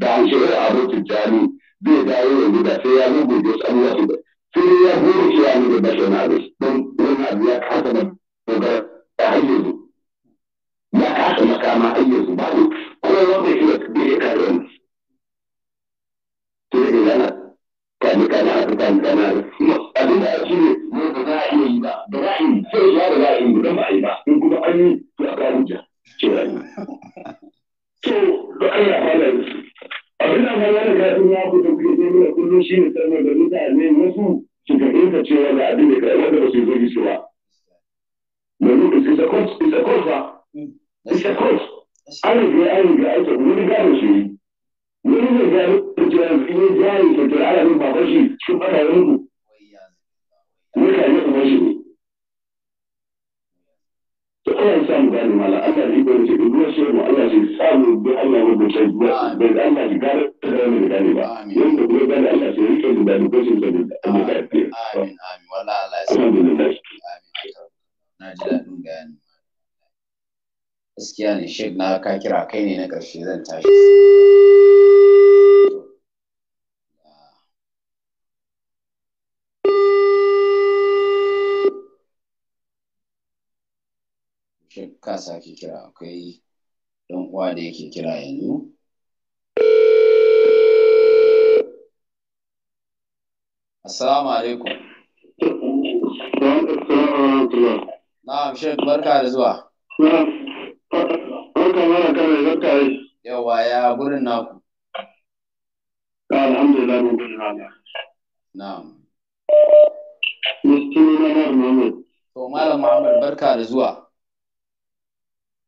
da shirin abokin jami zai dawo yanzu da sai ya zo gobe wasu abubuwa su sai ya gobe shi ya nuna bashi wani abu don wani abu ya kasa na kogar da hanyar zu ya kasa makama hanyar zu ne kuma wanda shi da ya kare wani to da kani kani abin da shi ne mu ba za a iya yi ba ba za a yi sai ya ba za yi ba ba a yi ba in kuma an yi to <laughs> da Allah abin da kan wani gaɗin ya ku da kuke zai kullum shi ne saboda mutane wasu su ka ɗinka cewa ga abin da kai wanda ba su zo su ba domin is a course ba an riga an riga an ta wani gano shi wani zai gano cewa in ya jari ka kira alamin baban shi sun ɓata yanku mutane shi ne Allah ya samu gane mala Allah ya riba ce duk wasu mu Allah ya samu duk Allah ya rubuta duk bai da Allah ya gane da mu gane ba wanda kuma gane Allah ya rike da duk wasu da Allah ya amin amin wala Allah ya samu amin na ji dadin gane gaskiya ne shek na ka kira kai ne na karshe zan tashi ka sake kira akwai ɗan uwa da yake kira yanzu assalamu alaikum na'am shek barka da zuwa yawa ya gurin naku alhamdulillah na'am Mustafa Muhammad. To Malam Muhammad barka da zuwa.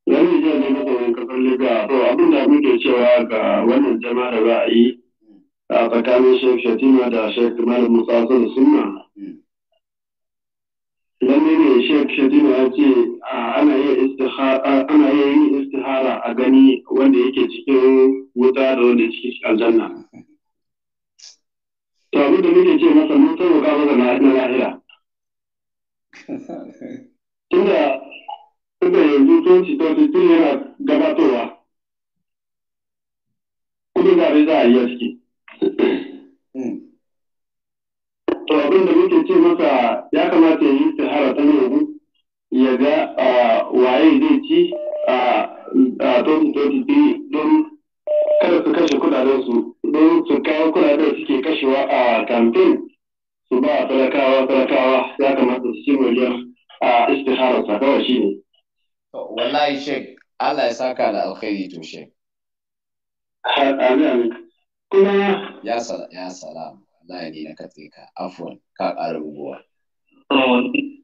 yan Nijar ne mazaunin kasar Libya to abin da muke cewa ga wannan jama'a da za a yi a tsakanin Sheikh Shatima da Sheikh Malam Musa Sulu Sunna. Lalle ne Sheikh Shatima ya ce ana iya yin istihara a gani wanda yake cikin wuta da wanda yake cikin aljanna. To abin da muke ce masa mun sauka masa na lahira. <laughs> Tunda da yanzu 2023 yana gabatowa kudin zaɓe za a yi a ciki. To abin da muke ce masa ya kamata ya yi tsihara ta yanzu ya ga waye zai ci a 2023 don kada su kashe su don su kawo kudaden suke kashewa a kamfen su ba talakawa talakawa ya kamata su ci miliyan a istihararsa kawai shi ne. wallahi shek Allah ya saka da alkhairi to shek kuma ya salam ya salam wallahi ni na katse ka afwan ka ƙara rubuwa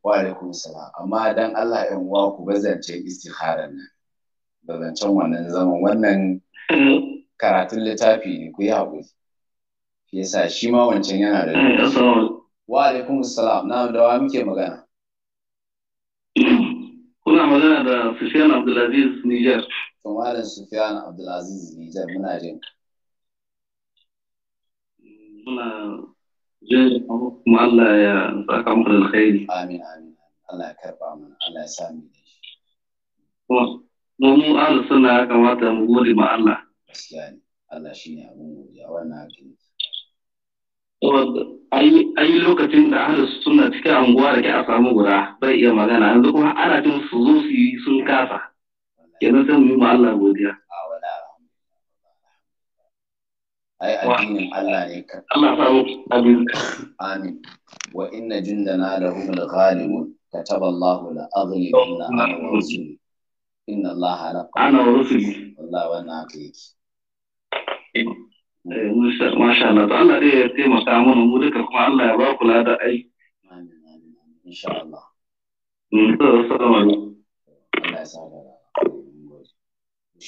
wa alaikum salam amma dan Allah ɗan uwa ku bazance istikharar nan bazancen wannan zaman wannan karatun littafi ne ku yi haƙuri yasa shi ma wancan yana da wa alaikum salam na da wa muke magana Kuna magana da Sufiyan Abdulaziz Niger. da Sufiyan Abdulaziz Niger muna jin. Muna jin kuma Allah ya saka muku da alkhairi. Amin amin. Allah ya karba mana, Allah ya sami da shi. Kuma mu Allah suna ya kamata mu gode ma Allah. Gaskiya ne. Allah shi ne abin godiya wannan hakiki. ayi lokacin da ahli suna cikin anguwa da ke a samu guda bai iya magana yanzu kuma ana jin su zo su yi sun kasa yanzu sai mu yi ma Allah godiya ai addinin Allah ne ka Allah faru amin amin wa inna jundana lahum al-ghalibun كتب الله لأغلبن أنا ورسلي إن الله على قدر والله wa عقيك Eh, masha Allah, Allah dai ya taimaka mana mu duka kuma Allah ya ba kula da aiki. Amin, amin, amin, insha Allah. Mm, Allah ya sa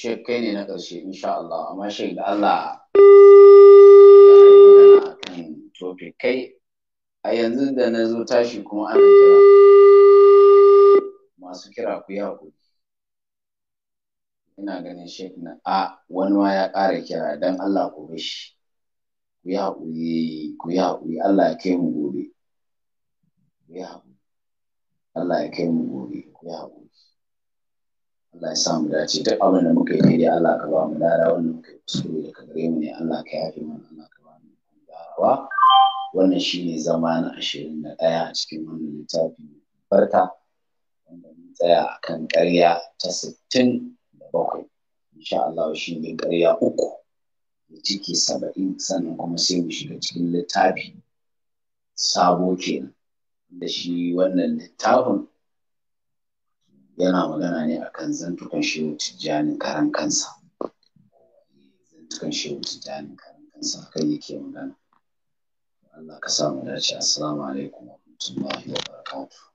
da kai ne na ƙarshe, insha Allah, amma shek da Allah ya kan tofe kai a yanzu da na zo tashi kuma ana kira masu kira ku yi haƙuri. ina ganin shek na a wani ma ya ƙara kira don Allah ku shi ku yi haƙuri ku yi haƙuri Allah ya kai mu gobe ku yi haƙuri Allah ya kai mu gobe ku yi haƙuri Allah ya sa mu dace duk abin da muka yi daidai Allah ka ba mu dara wannan muka yi kuskure da ka gare mu ne Allah ka yafe mana Allah ka ba mu darawa wannan shi ne zama na ashirin da ɗaya a cikin wannan littafi barka wanda mun tsaya akan ƙarya ta sittin bakwai insha Allah shi ne ƙarya uku da ciki saba'in sannan kuma sai mu shiga cikin littafi sabo kenan da shi wannan littafin yana magana ne akan zantukan shehu tijjanin karan kansa zantukan shehu tijjanin karan kansa kai yake magana Allah ka samu dace assalamu alaikum wa rahmatullahi wa barakatuh